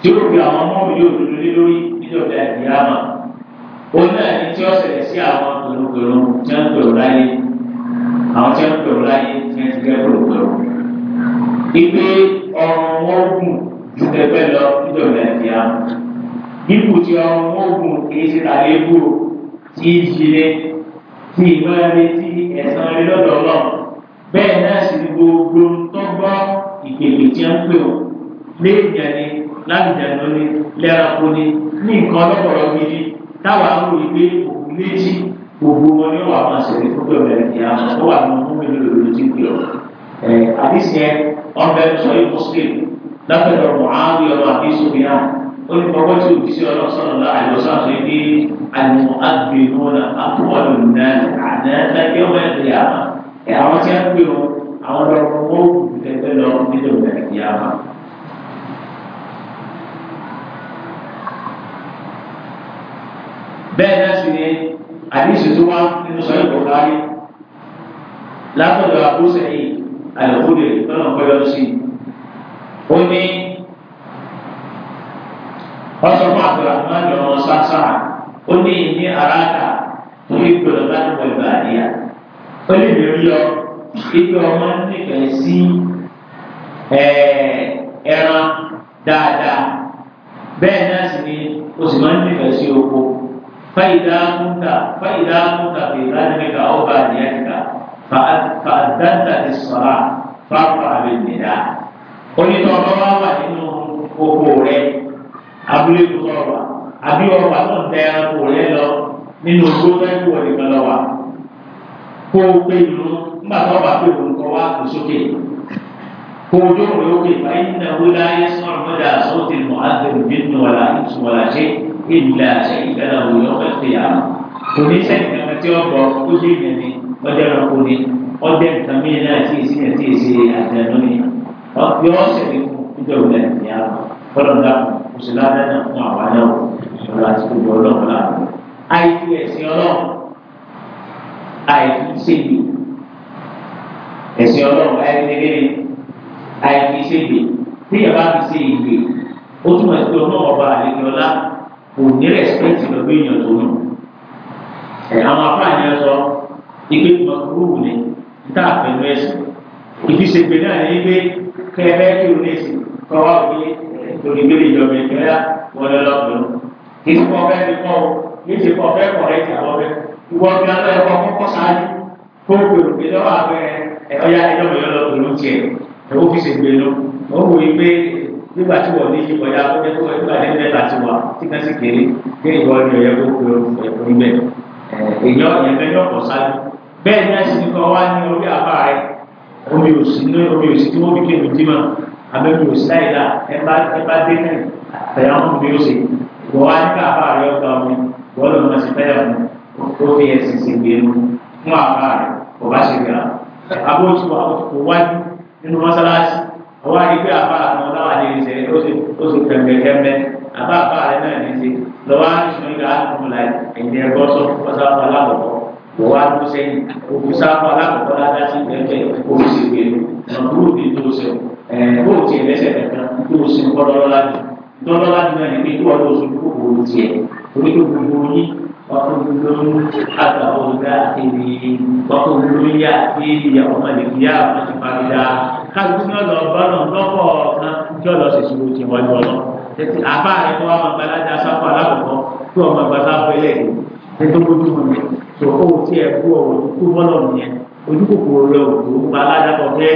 tí ó fi àwọn ọmọ mi yóò dúró lé lórí níjọba ẹ̀dí àwọn òun náà ní tí ó ṣẹlẹ̀ sí àwọn pẹ̀lúpẹ̀lú tí wọ́n pẹ̀lú láyé àwọn tí wọ́n pẹ̀lú láyé tí wọ́n ti gẹ́ pẹ̀lúpẹ̀lú. ìgbé ọ̀rùn wọn gùn ju ẹgbẹ́ lọ níjọba ẹ̀dí àwọn dípò tí ọmọ ogun kìí ṣe tàbí ebú o tí í jire tí ìgbọ́ra tí ẹ̀sán rẹ lọ́dọ̀ ọlọ́run bẹ́ẹ̀ náà sì ni gbogbo tó gbọ́ ìpèpè tí wọ́n ń pè ọ́ léèyàn ni lágbèjàdó ni lẹ́ranko ni ní nǹkan lọ́pọ̀lọ́ gidi táwa ń wò pé òun léjì gbogbo wọn ni wà máa ṣẹlẹ̀ tó pẹ̀lú ẹ̀rẹ̀ kìí àwọn tó wà nínú fún mi lórí ti pè ọ́. àdìsí ẹ ọbẹ̀ sọ ìmùsùlùmí lápẹ̀lẹ̀ ó ní kọ́kọ́ tí òbí sí ọlọ́sọ̀rọ̀ lọ àìlọ́sọ̀ àti pé àlùmọ́ àgbèrò náà àpọ̀lù náà àdáńdájẹ́ wọ́n ẹ̀dẹ̀ àmà ẹ̀ àwọn tí a ń gbèrò àwọn lọ́rọ̀ wọ́n òkú tẹ́tẹ́ lọ nílò ẹ̀dẹ̀ àmà. bẹ́ẹ̀ náà sì ni àdìsí tó wá nínú sọ́yìn kò kárí látọ̀dọ̀ àkóso ẹ̀yìn àlùkò lè tọ́nà kọ́yọ́ sí i ó ní wọ́n sọ fún abdulrahman yọ̀ ọ́ sáṣá ó ní ní aráàlá tó yẹ gbọ́dọ̀ bá ní wọ̀nyí báyìí ó lè lè rí ibi ọmọ nífẹ̀ẹ́ sí ẹran dáadáa bẹ́ẹ̀ náà sì ni o sì máa ń nífẹ̀ẹ́ sí oko fáyidá múta fáyidá múta fèèrè ánìmíkà ọba àdìyàkà fàdáńtà ti sọ̀rọ̀ fáfà àbẹ̀mẹ̀dá onítọ̀ ọ̀rọ̀ wà ní abúlé tó tọrọ wa àbí ọrọ̀ àtọ̀ ń tẹ ẹranko rẹ lọ nínú ogbó fẹ́ẹ́ wọ̀ nìkan lọ wa kó o pé ìlú nígbà tó bá pé òun kọ wá kò sókè kó o jó òun lókè fà yín náà wí láyé sọ̀rọ̀ mọ́jà sóòtì mọ́ àtẹ̀wò bí nù wàlà ìtumọ̀là ṣe ìlà ṣe ìgbàlà òun yọ fẹ́ fi àmà kò ní sẹ́yìn kankan tí ọ̀bọ̀ ó dé ìyẹn ọ sí ládàá náà fún àwa náà ọ̀rọ̀ àti gbogbo ọlọ́run láàbù àìtú ẹ̀sìn ọlọ́run àìtú ṣègbè ẹ̀sìn ọlọ́run láìpẹ́lẹ́lẹ́ àìtú ṣègbè téèyàn bá fi ṣe ìgbè ó túmọ̀ sí ọlọ́run ọba àlejò kò ní rẹ́spẹ́tì lọ́gbẹ́ èèyàn tó nù àwọn afáàní ẹ sọ ìgbé mọ̀kúrú ni tá a fẹ́ lọ ẹ̀sìn ìdíṣègbè náà ní gbé kẹ́ẹ́ bẹ́ẹ̀ kí o ní ẹ̀sìn kọ́ wá òye lórí bí ìjọba ìjọba wọn lọ lọ́dún. kì í kọ́ bẹ́ẹ̀ ni kọ́ o kì í ṣe kọ́ bẹ́ẹ̀ kọ́ ẹ̀jẹ̀ àwọn bẹ́ẹ̀. ìwọ bí wọn lọ́yọ̀ kọ́ kọ́kọ́ sáájú kó o gbèrò pé lọ́wọ́ abẹ́rẹ́ ọ̀yá ìjọba yọ lọ́dún ló tiẹ̀ ẹ̀ ó fi ṣègbè lọ. ó wù í pé nígbà tí wọ́n ní yí kọjá kó jẹ́ kó ẹgbẹ́ àti ẹgbẹ́ àti wà tí kan kéré dé ìwọ ni ọ̀yẹ́ kó pe ẹ̀kọ́ ibẹ̀ èyí ọ̀yẹ́ fẹ́ yọ̀ kọ́ bẹ́ẹ̀ ni ẹ̀sìn kan wá ní orí àbá rẹ̀ omi òsì ní omi òsì tí wọ́n fi kéwì tí mọ̀ àbẹ̀bí òṣìṣàìlà ẹ̀bá ẹ̀bá dé náà àtẹ̀yà wọn bí ó ṣe wọ́n wá nígbà àbá rẹ̀ ọ̀gá omi wọ́n lọ mọ̀ sí fẹ́yà wọn ó fi ẹ̀sìn sí gbé nu fún àbá rẹ̀ kò bá ṣe gbà. abóòtú kò wájú nínú mọ́sálásí ọwọ́ àdìgbé àbá àwọn ọlọ́wà lè ṣe ó ṣe kẹ̀kẹ́kẹ́mẹ́ àbá àbá rẹ̀ náà lè ṣe lọ́wọ́ àdìsùn ìgbà àtúntò láì ẹ̀yìn ẹ̀kọ́ sọ kò wá kó sẹ́yìn òkú sáfà alákọ̀ọ́kọ́ ládá sí ìgbẹ́jẹ́ olùsègbè ọ̀dúró bíi tó sẹ bó tiẹ̀ lẹ́sẹ̀ kankan tó o sin kọ́lọ́lá ni lọ́lọ́lá ni náà ni. tó ọdún oṣù tó kò tiẹ̀ torí tó gbogbo yín ọkùnrin ló ń àgbà ọ̀gá èmi ọkùnrin ló ń yà sí ìyàwó mọ̀lẹ́kìyà àti fàmìlà káàkiri ní ọ̀lọ́ ọ̀bọ̀rọ̀ lọ́kọ̀ kan tí ọ̀lọ́ ṣèṣin ló ti wọ́n lọ́nà àbá rẹ̀ tó wà máa gbalájà sáfà alákọ̀ọ́kọ́ tó ọmọ ìgbà sáfà ẹlẹ́yìn tó gbogbo tó wọn tó o tí ẹ kú ọ̀rọ̀ tó kú bọ́lọ̀ nìyẹn ojú kòkòrò rẹ ò tó gba aládàpọ̀ fẹ́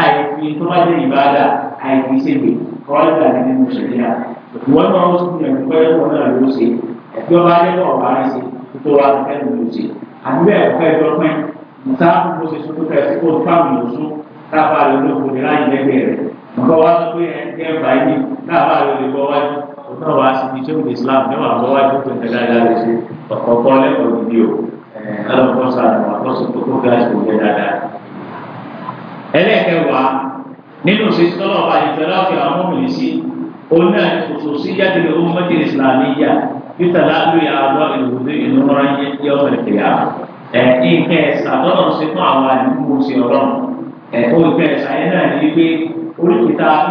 àìfi tó bá jẹ́ ìbáadà àìfi ṣègbè kọ́lá nínú ìṣẹ̀lẹ̀ à ìwọ náà ó sùn yẹn pé wọn náà ló ṣe ẹ̀fí ọba ayé náà wà á ṣe tó wà fẹ́ ló ló ṣe àbí bẹ́ẹ̀ ọ̀fẹ́ ìjọpẹ́ mùsá mo ṣe sọ pé kẹ́sì kó fáwọn èèyàn sún káfá ló ló kò ní láyé lẹ́gbẹ̀ẹ́ rẹ̀ nǹkan wá sọ pé ẹ̀ Islam mẹ́wàá bọ́ wájú tó ń ọ̀pọ̀pọ̀ lẹ́kọ̀ọ́ fídíò ọlọ́pọ̀ sàrọ̀ àkọsọ tó kó gáàsì kò jẹ́ dáadáa. ẹlẹ́kẹ̀wàá nínú òṣèṣì tọ́lọ̀ ọba ìfẹ́lá ọ̀fẹ́ àwọn mọ̀mìnì sí òun náà kòtò sí jáde lórí mọ́tì ìsìlámíyà peter lálùú yà wọ ìwúdó ìnumọ́ra yẹ ọmọ ìkẹyà ẹ̀ ìkẹ́ ẹ̀sà tọ́lọ̀ ṣe fún àwọn àdúgbò ṣe ọlọ́run ẹ̀ ó ìkẹ́ ẹ̀sà yẹn náà ní pé oríkìtà ń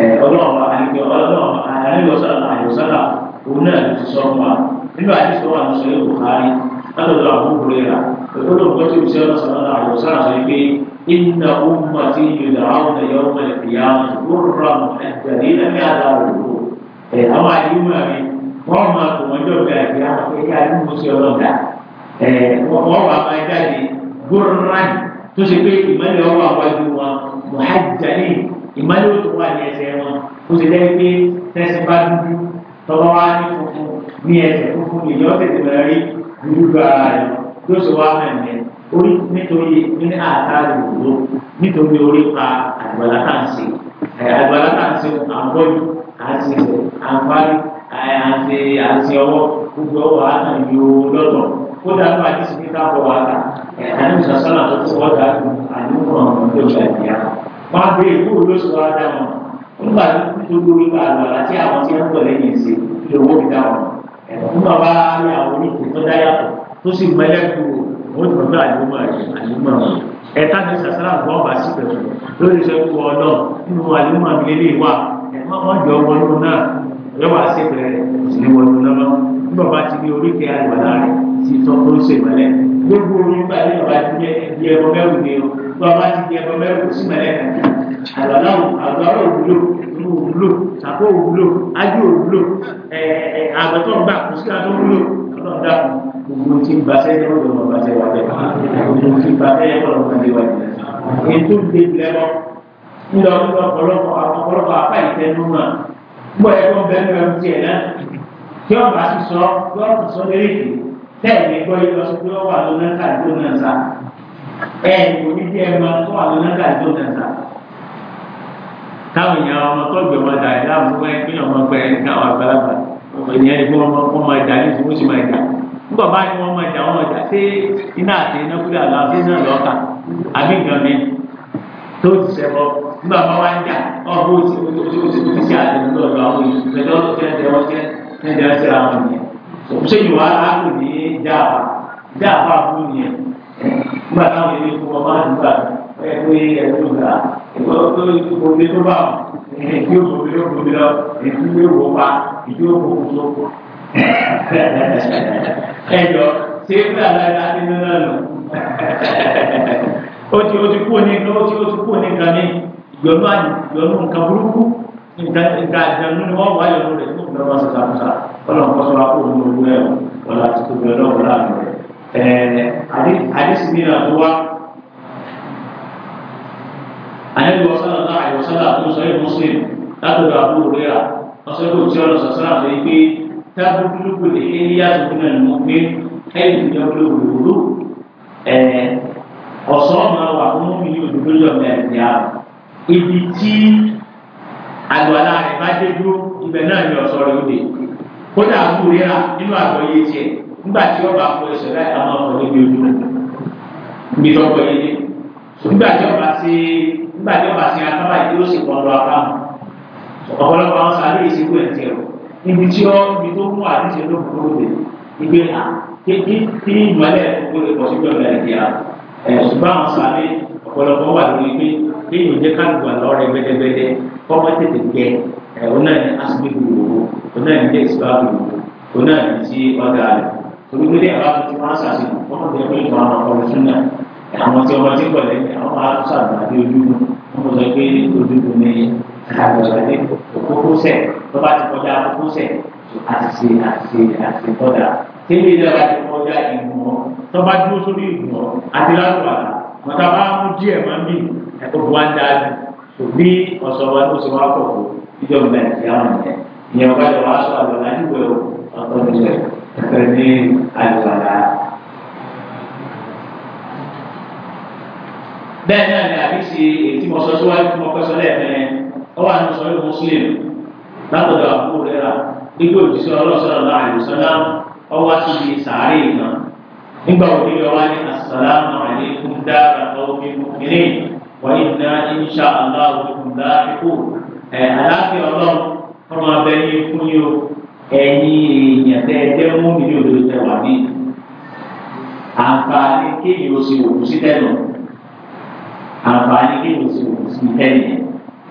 Eh, ọlọ́run àyíkẹ́ ọlọ́run àyíwọ̀sọ́lá àyíwọ̀sọ́lá òun náà ti sọ fún wa nínú àdìsọ́ wa sọ yóò kárí látọ̀dọ̀ àwọn òkúrẹ́ rà ìgbọ́dọ̀ gbọ́ tí òṣèlú sọ̀rọ̀ àyíwọ̀sọ́lá sọ pé iná ọmọ tí yòdà àwọn ẹ̀yọ́ ọmọ ìyá gbọ́dọ̀ ẹ̀dẹ̀rẹ̀ lẹ́mí àdáwò ẹ̀ àwọn àyíwọ̀ mi wọ́n máa kò eh, wọ́n jọ̀bẹ̀ àti àwọn ẹ̀yà àdúgbò sí ọlọ́dà ẹ̀ wọ́n wà máa jáde ìmọ̀lẹ́ òtò wà ní ẹsẹ̀ wọn ó ti lẹ́yìn pé tẹ́sí bá dúdú tọ́wọ́ wá ní funfun ní ẹsẹ̀ funfun lè yọ tètè bẹ̀rẹ̀ rí dúdú gba ara rẹ̀ yóò sọ wá mẹ́mẹ́ orí nítorí ní àtàrí òwúrọ̀ nítorí orí pa àgbàlá tá à ń ṣe àgbàlá tá à ń ṣe àgbọ̀jù àti àǹfààní àti àti ọwọ́ gbogbo ọwọ́ àtàn yóò lọ́tọ̀ kódà tó àti sìkítà bọ̀ wá ta ẹ̀ àdúgbò sàṣọ́nà tó ti wọ́n dà àdúgbò ọ̀hún tó gbà ìyá máa gbé ìlú olóṣù wa dá wọn nígbà tó lórí bá lọ àti àwọn tí wọn bọ̀ lẹ́yìn sí ilé owó mi dá wọn ẹ̀fọ́n máa bá rí àwọn oníkùn tó dáyàtọ̀ tó sì mẹ́lẹ́ kú òun tó náà àlùmọ̀ àlùmọ̀ ẹ̀ta ní sàṣàrà àgbọ̀n bá sí pẹ̀lú lórí iṣẹ́ kú ọ náà nínú àlùmọ̀ mi lè wà ẹ̀fọ́n wọn jọ wọnú náà yọba sí pẹ̀lú ìṣẹ̀lẹ̀ wọnú náà nígbà bá ti ní orí kẹ́ àgbàlá rẹ̀ ti tọ́ tó ṣèmọ́lẹ̀ gbogbo orí gbà ní ọ̀bá ti ní ẹbí ẹ̀fọ́ tó a bá ti di ẹbọ mẹ́rin kò sí mẹ́rin kan àlọ́lá àlọ́lá òwúlò ìmú òwúlò sàkó òwúlò ájú òwúlò àgbẹ̀tọ̀ gbà kò sí àtọ́ òwúlò ọlọ́run dàkú gbogbo tí ń basẹ́ ní ọ̀dọ̀ wọn basẹ́ wà bẹ́ẹ̀ gbogbo tí ń basẹ́ ní ọ̀dọ̀ wọn basẹ́ wà bẹ́ẹ̀ ètò ìdè ìlẹ́wọ̀ ńlọ ńlọ ọ̀pọ̀lọpọ̀ ọ̀pọ̀lọpọ̀ apá ìtẹnu náà gbọ́ ẹ̀kọ́ ẹ kò ní kí ẹ máa tó àwọn náírà tó tẹ̀sà táwọn èèyàn ọmọ tó gbé wọn dà ẹ̀dá àbúrò ẹ kí ọmọ gbẹ ẹ ní àwọn àgbàlagbà ènìyàn ìgbó ọmọ kó máa dà ní ìfowósì máa dà nígbà bá ní wọn máa dà wọn máa dà ṣé iná àti iná kúrò àlọ́ àti iná lọ́ọ̀kà àbí nǹkan mi tó ti sẹ́kọ̀ nígbà bá wá ń dà ọ̀bọ̀ òsì òsì òsì òsì sí àtẹnudọ́ ọ̀dọ̀ àwọn èèyàn pẹ̀lú ọ̀sẹ̀ ẹ̀dẹ̀ àwọn ènìyàn òṣèlú wa á nígbà táwọn ilé fún ọmọ àdúgbà ẹ pé ẹdùn gbà ìgbà tó ìdúgbò lé tó bá wọn èyí ò bòbí ló bòbí lọ èyí ló wò wá èyí ò bòbí tó kù. ẹ jọ ṣé ń gbà lára nínú náà lò ó ti ó ti kú ní ó ti ó ti kú ní nǹkan ní ìyọnu àyè ìyọnu nǹkan burúkú nǹkan nǹkan ni wọn wà yọnu rẹ tó ń wọn sọsọ wọn láti àdísì mìíràn tó wá àyẹ̀wò ọ̀sán náà àyẹ̀wòsán náà tó sọ yìí mùsùlùm látọ̀dọ̀ àbúrò rírà ọ̀sẹ̀ tó ti ọ̀nà sàṣẹ́nà tó yí pé tábùdúkú lè ké ní yàtọ̀ fún ẹnu mọ́ pé ẹ̀yìn ìjọ pé òwúrò ọ̀sán máa wà fún mi ní òdòdó yọ̀ mẹ́rin ní àná ibi tí àgbàlá rẹ̀ bá dé dúró ibẹ̀ ni ọ̀sán rẹ̀ ó kódà àbúrò rírà nínú àgbọ̀yé tiẹ̀ nígbà tí ọba fọ ẹsẹ̀ láì ká máa fọ níbi ojú níbi tó ń pẹ́ yé nígbà tí ọba ti nígbà tí ọba ti akábà yìí yóò sì pọ̀ lọ akáàmù ọ̀pọ̀lọpọ̀ àwọn sáré ìsìnkú ẹ̀ tiẹ̀ o ibi tí ọ ibi tó mú àdíṣe ló kúrò lè ibi à kéèké kí ìmọ̀lẹ̀ kó lè pọ̀ sí gbọ̀ngàn ìdíyà ẹ̀ ṣùgbọ́n àwọn sáré ọ̀pọ̀lọpọ̀ wà lórí pé kéèyàn jẹ́ káàdùgbà lọ́rẹ̀ gbẹdẹgbẹdẹ kọ́mọ tètè gẹ ẹ̀ ọ náà ní asibíkù wò ó náà ní dé ìsibáàbù wò ó náà ní sí ọ̀dà rẹ̀ onígbélé àwọn ti máa ń ṣàṣìkò wọn kò tẹ̀lé ìgbà àwọn ọkọ̀ ọ̀ṣun náà àwọn tí ọmọ tí ń pẹ̀lẹ́ àwọn máa ń ṣàgbà dé ojúmọ́ wọn kò sọ pé ojúmọ́ ni àgbàdé òkókó sẹ̀ tó bá ti kọjá òkókó sẹ̀ àṣìṣe àṣìṣe àṣìṣe kọjá tẹ́lẹ̀ ìjọba ti kọjá ìgbìmọ̀ tó bá dúró sórí ìgbìmọ̀ àti lágbà wọn ta bá mú díẹ̀ máa ń bì ẹ̀kọ́ bu wá ń dáa jù bí ọ̀sọ̀ wa ló ṣe wá pọ̀ fún ìjọba ìjọba ìjọba ìjọba ìjọba ìjọba ìjọba ní àlùwàlá. bẹ́ẹ̀ náà ni àbísí ètí mọ̀ sọ síwájú tí mo kọ́ sọ lẹ́ẹ̀mẹ́ ọwọ́ àti sọ yóò muslim látọ̀dọ̀ àbúrò rẹ̀ rà nígbà òjíṣẹ́ ọlọ́sọ̀rọ̀ náà àìsọ́lá ọwọ́ àti ibi sàárè ìgbà nígbà òbí rẹ̀ wá ní asàlámù àlékún dára ọ̀gbìn mọ̀kìnrin wọ́n yìí ná insha Allah òkùnkùn dára kíkó ẹ̀ aláàfin ọlọ́run ọmọ abẹ́yẹ fún yóò ẹ̀yin èèyàn tẹ́ ẹ jẹ́ mú nínú òdodo tẹ wà ní àǹfààní kéèyàn ó sì òkú sí tẹ́lọ̀ àǹfààní kéèyàn ó sì òkú sí tẹ́lẹ̀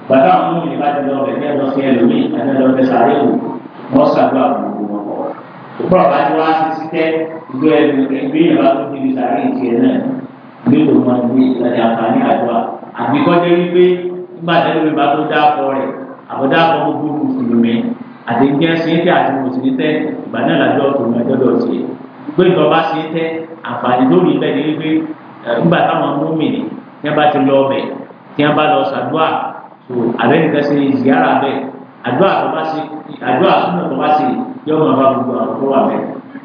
bàbá àwọn ọmọ mi bá ti lọ bẹ̀ẹ́ lọ sí ẹlòmíì àti ẹlọ bẹ sáré wò wọ́n ṣàgbọ́ àbùkù wọn kọ́ òkúrọ̀ bá ti wá sí sí tẹ́ ìgbé ẹnu ẹgbẹ́ yẹn bá tún níbi sáré ìtì ẹ̀ náà ní òun máa gbé ìlànà àǹfààní àdúrà àbíkọ́jẹ́ wípé nígbà tẹ́lẹ̀ mi bá tó dáàbọ̀ rẹ̀ àbọ̀dáàbọ̀ gbogbo mùsùlùmí àti ní ẹsẹ tẹ àti mo sì ní tẹ ìgbà náà làjọ ọkùnrin àjọ lọ sí i pé nǹkan bá sí tẹ àǹfààní lórí ilẹ̀ ní wípé nígbà táwọn múmìnì tí wọn bá ti lọ ọbẹ tí wọn bá lọ sàdúà tó àbẹ nìkan ṣe ìyára bẹ àdúà tó bá sí àdúà súnmọ́ tó bá sí yóò máa bá gbogbo àwọn tó wà bẹ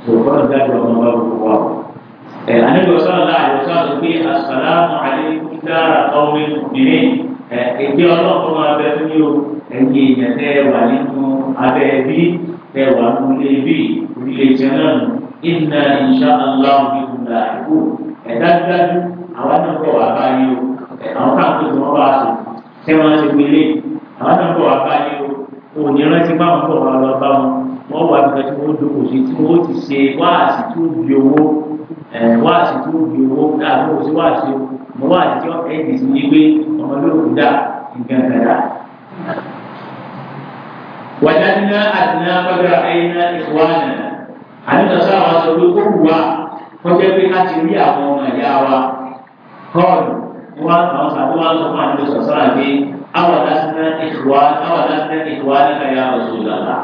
tó kọ́nà bí àdúrà máa bá gbogbo wà. ẹ àníbi ọ̀sán ọ̀la àyọ̀sán ọ̀la pé àṣàlámù àlẹ́ kúndàrà ọ̀rẹ́ òmìnir ẹ̀yin èèyàn tẹ́ ẹ wà nínú abẹ́ ẹbí tẹ́ ẹ wà nínú ẹbí orílẹ̀ èdè náà nù inna insha allah bikum lahiqu ẹ̀dájúdájú àwọn náà bọ̀ wá báyìí o àwọn káàkiri tí wọ́n bá a sùn tẹ́ wọ́n ti gbélé àwọn náà bọ̀ wá báyìí o òní rántí báwọn bọ̀ wá lọ bá wọn wọ́n wà nígbà tí wọ́n dókòó sí tí wọ́n ti ṣe wáàsí tó di owó wáàsí tó di owó dáàbò sí wáàsí o wọ́n fẹ́ẹ́ dì sí ní pé ọmọlúwò dá nǹkan wàdánná àdínà bàbá àyínà ìwánà àdínà sáwọn aṣọ olóko wà kọjá pé ká ti rí àwọn ọmọ ìyá wa kọọlù wọn àwọn sàbí wọn sọ fún àdínà sọsọlá pé àwọn àdásínà ìwánà àwọn àdásínà ìwánà kàyà ọsùn lọlá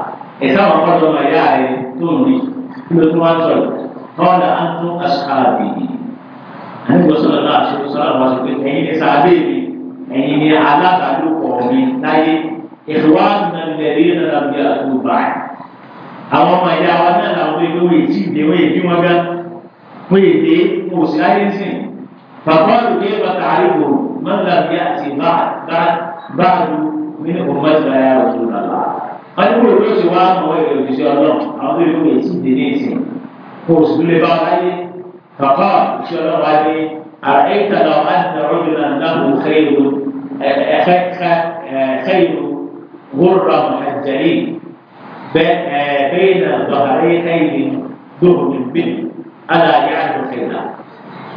ẹ̀ka àwọn ọmọdé ọmọ ìyá rẹ tó ń rí kí ló tún wá ń sọ̀rọ̀ kọ́ọ̀dà á tún àṣàbì àdínà sọsọlá náà ṣe sọlá wọn sọ pé ẹ̀yin ni sàbẹ̀ mi ẹ̀yin ni alábàálòpọ̀ mi láyé ìwádìí ẹ̀rí nàlá bí àtúntò báyìí. àwọn ọmọ ìyá wa náà làwọn èdè wọ́n èdè ìdè wọ́n èdè wọn gan wọ́n èdè wọn ò sí láyé sìn. bàbá olùgbé bàtà àríwò mọ́nlá bí àti báàlú nínú ọmọdé ayé àwùjọ nàlá. wọ́n ní kó ló ti wá mọ́ èrè òṣìṣẹ́ ọlọ́run àwọn tó yẹ kó èdè ìdè ní ìsìn kó o sì lè bá wọn láyé. bàbá òṣìṣẹ́ ọlọ́run wá ní àrà ẹ̀ka lọ àti àrọ́jọ náà náà kò غر محجلين بين ظهريين دون البن ألا يعرف خيرا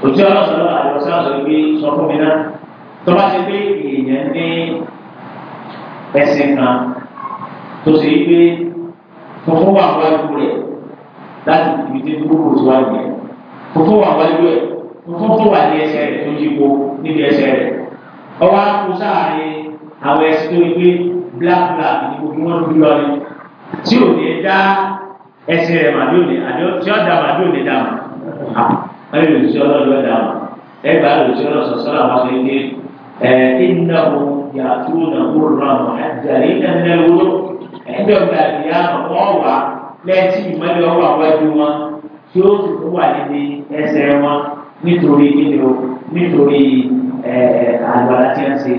òtí ọlọ́sọ̀rọ̀ lọ́wọ́ àdìọ́sá sọ pé sọ fún mi náà tó bá ṣe pé èèyàn ní ẹsìn kan tó ṣe pé fúnfún wà wájú rẹ̀ láti ibi tí gbogbo tó wà yẹn fúnfún wà wájú ẹ̀ fúnfún tó wà ní ẹsẹ̀ rẹ̀ tó yípo níbi ẹsẹ̀ rẹ̀ ọwọ́ àkóso àárín àwọn ẹsẹ̀ tó yí pé black black ní gbogbo wọn dúró lọ ní tí ò ní dá ẹsẹ̀ rẹ̀ màdí òní àdó tí ó dá màdí òní dá mà ẹ lè sí ọlọ́dún ẹ̀ dá mà ẹ bá lè sí ọlọ́sọ̀ sọ́lá wọn sọ pé ẹ ìnáwó yàtú nàwó ràn àjàrí ìdánilẹ́wọ́ ẹgbẹ́ ọ̀gá ìyá wọn wà lẹ́tí ìmọ̀lẹ́ àwájú wọn tí ó sì tún wà níbi ẹsẹ̀ wọn nítorí nílò nítorí àgbàlá tí wọ́n ṣe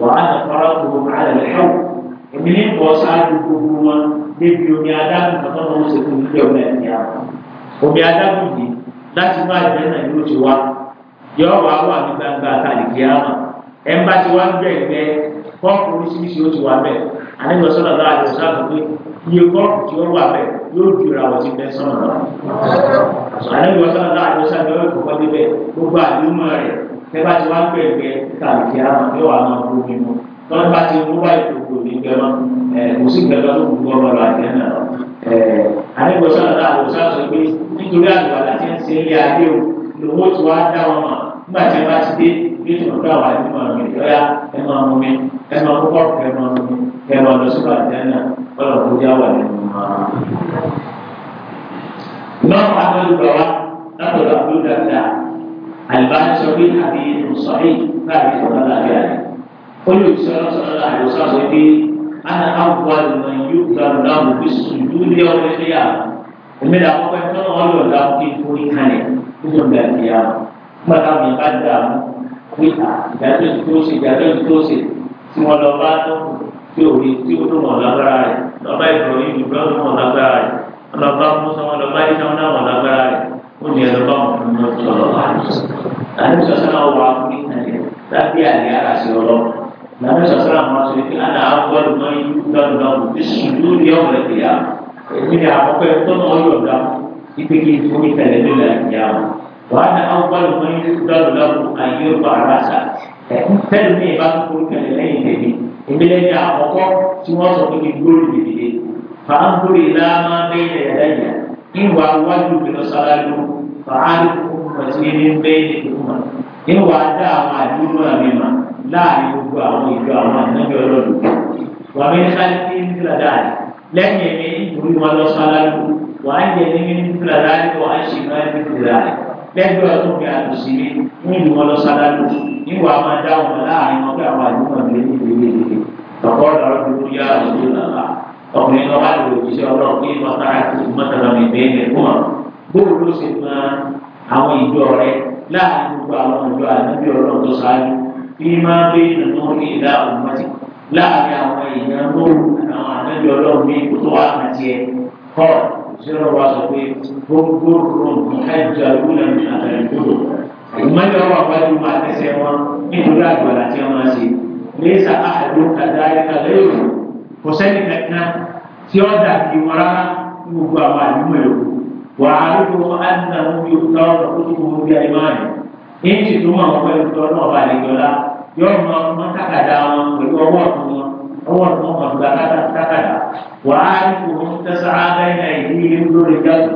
wàhálà fọ́nrán tó wọ́n àlẹ́ lẹ́wọ̀ èmi ní bọ́ sáájú gbogbo wọn débi omi adágún kan tó ń ṣe fún ilé ọmọ ẹ̀mí àwọn omi adágún yìí láti wá ìfẹ́ náà yóò ti wá yọ wá wà ní gbangba àtàlìkí àmà ẹ̀ ń bá ti wá ń bẹ̀ gbẹ kọ́ọ̀pù oríṣiríṣi ó ti wà bẹ̀ àníwọ̀ sọ̀rọ̀ lọ́wọ́ àti ọ̀sán àgbègbè iye kọ́ọ̀pù tí ó wà bẹ̀ yóò ju ra wọ́n ti bẹ́ sọ̀rọ̀ lọ. àníwọ̀ sọ̀rọ̀ lọ́wọ́ àti ọ̀sán àgbègbè kọ̀ọ̀kan débẹ̀ gbogbo àdúmọ̀ rẹ̀ ẹ bá ti wá ń bẹ̀ gbẹ àtàlìkí àmà yóò wà náà fún mi wọn bá ti mú báyìí kòkò ní gbẹmọ ẹ kò sí gbẹmọ ló kún gbọmọ lọ àjẹ náà ẹ àníbọsọ náà àbọsọ sọ pé nítorí àgbà láti ń ṣe ilé ayé o lówó tí wàá dá wọn mọ nígbà tí wọn bá ti dé bí wọn bá wà nínú ọmọ ìjọya ẹ máa mú mi ẹ máa mú kọpù ẹ máa mú mi ẹ máa lọ sí bàjẹ́ náà wọn lọ kó wà nínú ọmọ. náà adúlù bàbá látọ̀dọ̀ àbúrò dáadáa àlùbáṣọ bí àbí ìrùsọ̀rí olùsọ lọ́sọ̀rọ̀ àdùsọ̀ sọ pé ana awọ àlùmọ̀ yóò gba ọ̀làwọ̀ bí sùdú lé ọ̀rẹ́ lé à èmi là kọ́kọ́ ẹ̀tọ́ náà ọ̀lọ́ ọ̀là kí n forí kalẹ̀ nínú ìgbàgbé à gbàgbà mi bá dà mú pé ìdájọ́ tó ṣe ìdájọ́ tó ṣe tí wọ́n lọ bá tó tí ò rí tí ó tó mọ̀ lágbára rẹ̀ lọ́ba ìbọ̀wé ìbúra tó mọ̀ lágbára rẹ̀ ọlọ́ba musa wọn lọ́ba ìṣẹ́ Nabi SAW maksudnya ada awal menyukan kamu di sudut dia oleh dia. Ini apa pun tuh orang dah dipikir pun kita lelah dia. Wana awal menyukan dalam ayur barasa. Tell me bang pun kita lelah ini. Ini dia apa pun eh, semua sok ini dulu di sini. Faham pun ilama beda adanya. Ini wawal bin salalu. Faham pun masih ini beda cuma. Ini wadah majulah memang láàrin gbogbo àwọn ìjọ àwọn ànábì ọlọ́dún wà mí ní káyọ̀tì ní tìládàáni lẹ́yìn èmi nítorí wọn lọ sáláàlú wà á yẹ ní ní tìládàáni wà á ṣì máa ní tìládàáni lẹ́gbẹ́ ọdún mi àtúnṣe mi ní ìlú wọn lọ sáláàlú níwà máa dá wọn láàrin wọn pé àwọn àdúgbò mi ní ìlú ìlú ọ̀pọ̀ ọ̀dọ̀ ọdún yá ọdún lọ́la ọkùnrin lọ́wọ́ àti òṣìṣẹ́ ọlọ́run kí wọ́n sára kí wọ́n sára mi bẹ́ẹ̀ bẹ́ẹ̀ àwọn ìjọ rẹ láàrin gbogbo àwọn ìjọ àdúgbò ọlọ́run tó ṣáájú فيما بين النور إلى أمتي لا يعوين النور أنا أنا جلومي قطوة متي قال سير واسطي برر محجرون من أهل الكتب ما يروى بعد ما تسمى من ولاد ولا تيماسي ليس أحد كذلك غيره حسين كتنا سيودا في وراء مقام الملك وعارفه أنه يختار كتبه بأيمانه إن شئتم أن يختار الله عليه yóò mọ ọmọ tákàdá wọn pẹ̀lú ọwọ́ ọ̀tún wọn ọwọ́ ọ̀tún wọn máa gba tákàdá wàá rí òun tẹ́sán abẹ́yẹ ìlú ilé lórí jáde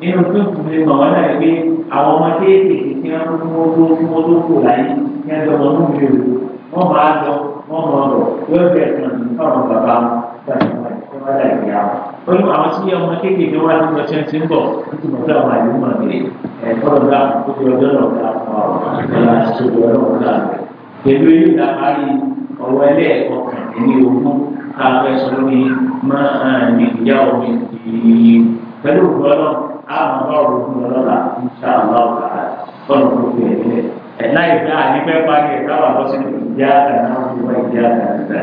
nínú tó kù ní màwọn náà gbé àwọn ọmọ kéékèèké tí wọ́n mú wọn tó mú wọn tó kù láyé ní ẹgbẹ́ wọn ló lè wò wọ́n máa lọ wọ́n mọ̀ ọ̀rọ̀ yóò bẹ̀rẹ̀ kan ní fáwọn bàbá wọn pẹ̀lú àwọn tí ọmọ kéékèèké wá ní ọjọ́ tí ń bọ̀ tí mo fẹ́ wà ní mọ̀ ní ẹ̀kọ́ ọ̀gá tó ọjọ́ náà gbà fún ọ pẹ̀lú èyí làbárí ọ̀rọ̀ ẹlẹ́ẹ̀kọ́ ní ogún káfẹ́ sọ ní máa ní ìyá omi yìí pẹ̀lú ògbọ́nà àwọn bá ọ̀rọ̀ ògùn ọlọ́lá ń ṣá àbá ọ̀gá ọ̀nà tó fi ẹ̀lẹ́ ẹ̀ láì dá àyípẹ́ parí ẹ̀ káwà bọ́ sínú ìjà àgbà náà wọ́n ìjà àgbà nígbà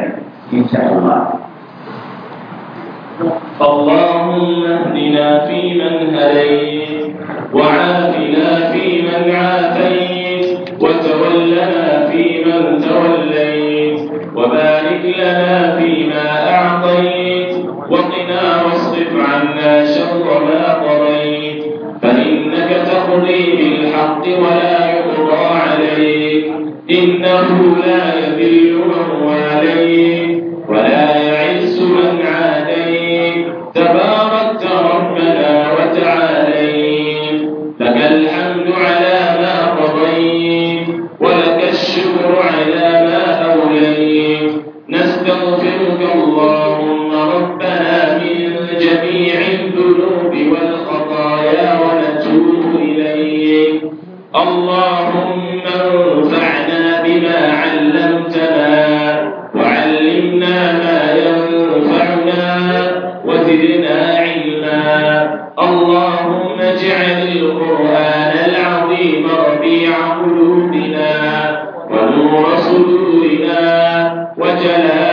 yìí ń ṣá àbá. اللهم اهدنا فيمن هديت وعافنا فيمن عافيت وتولنا فيمن توليت وبارك لنا فيما أعطيت وقنا واصرف عنا شر ما قضيت فإنك تقضي بالحق ولا يقضى عليك إنه لا يذل من واليت ولا يعز اللهم انفعنا بما علمتنا وعلمنا ما ينفعنا وزدنا علما اللهم اجعل القرآن العظيم ربيع قلوبنا ونور صدورنا وجلال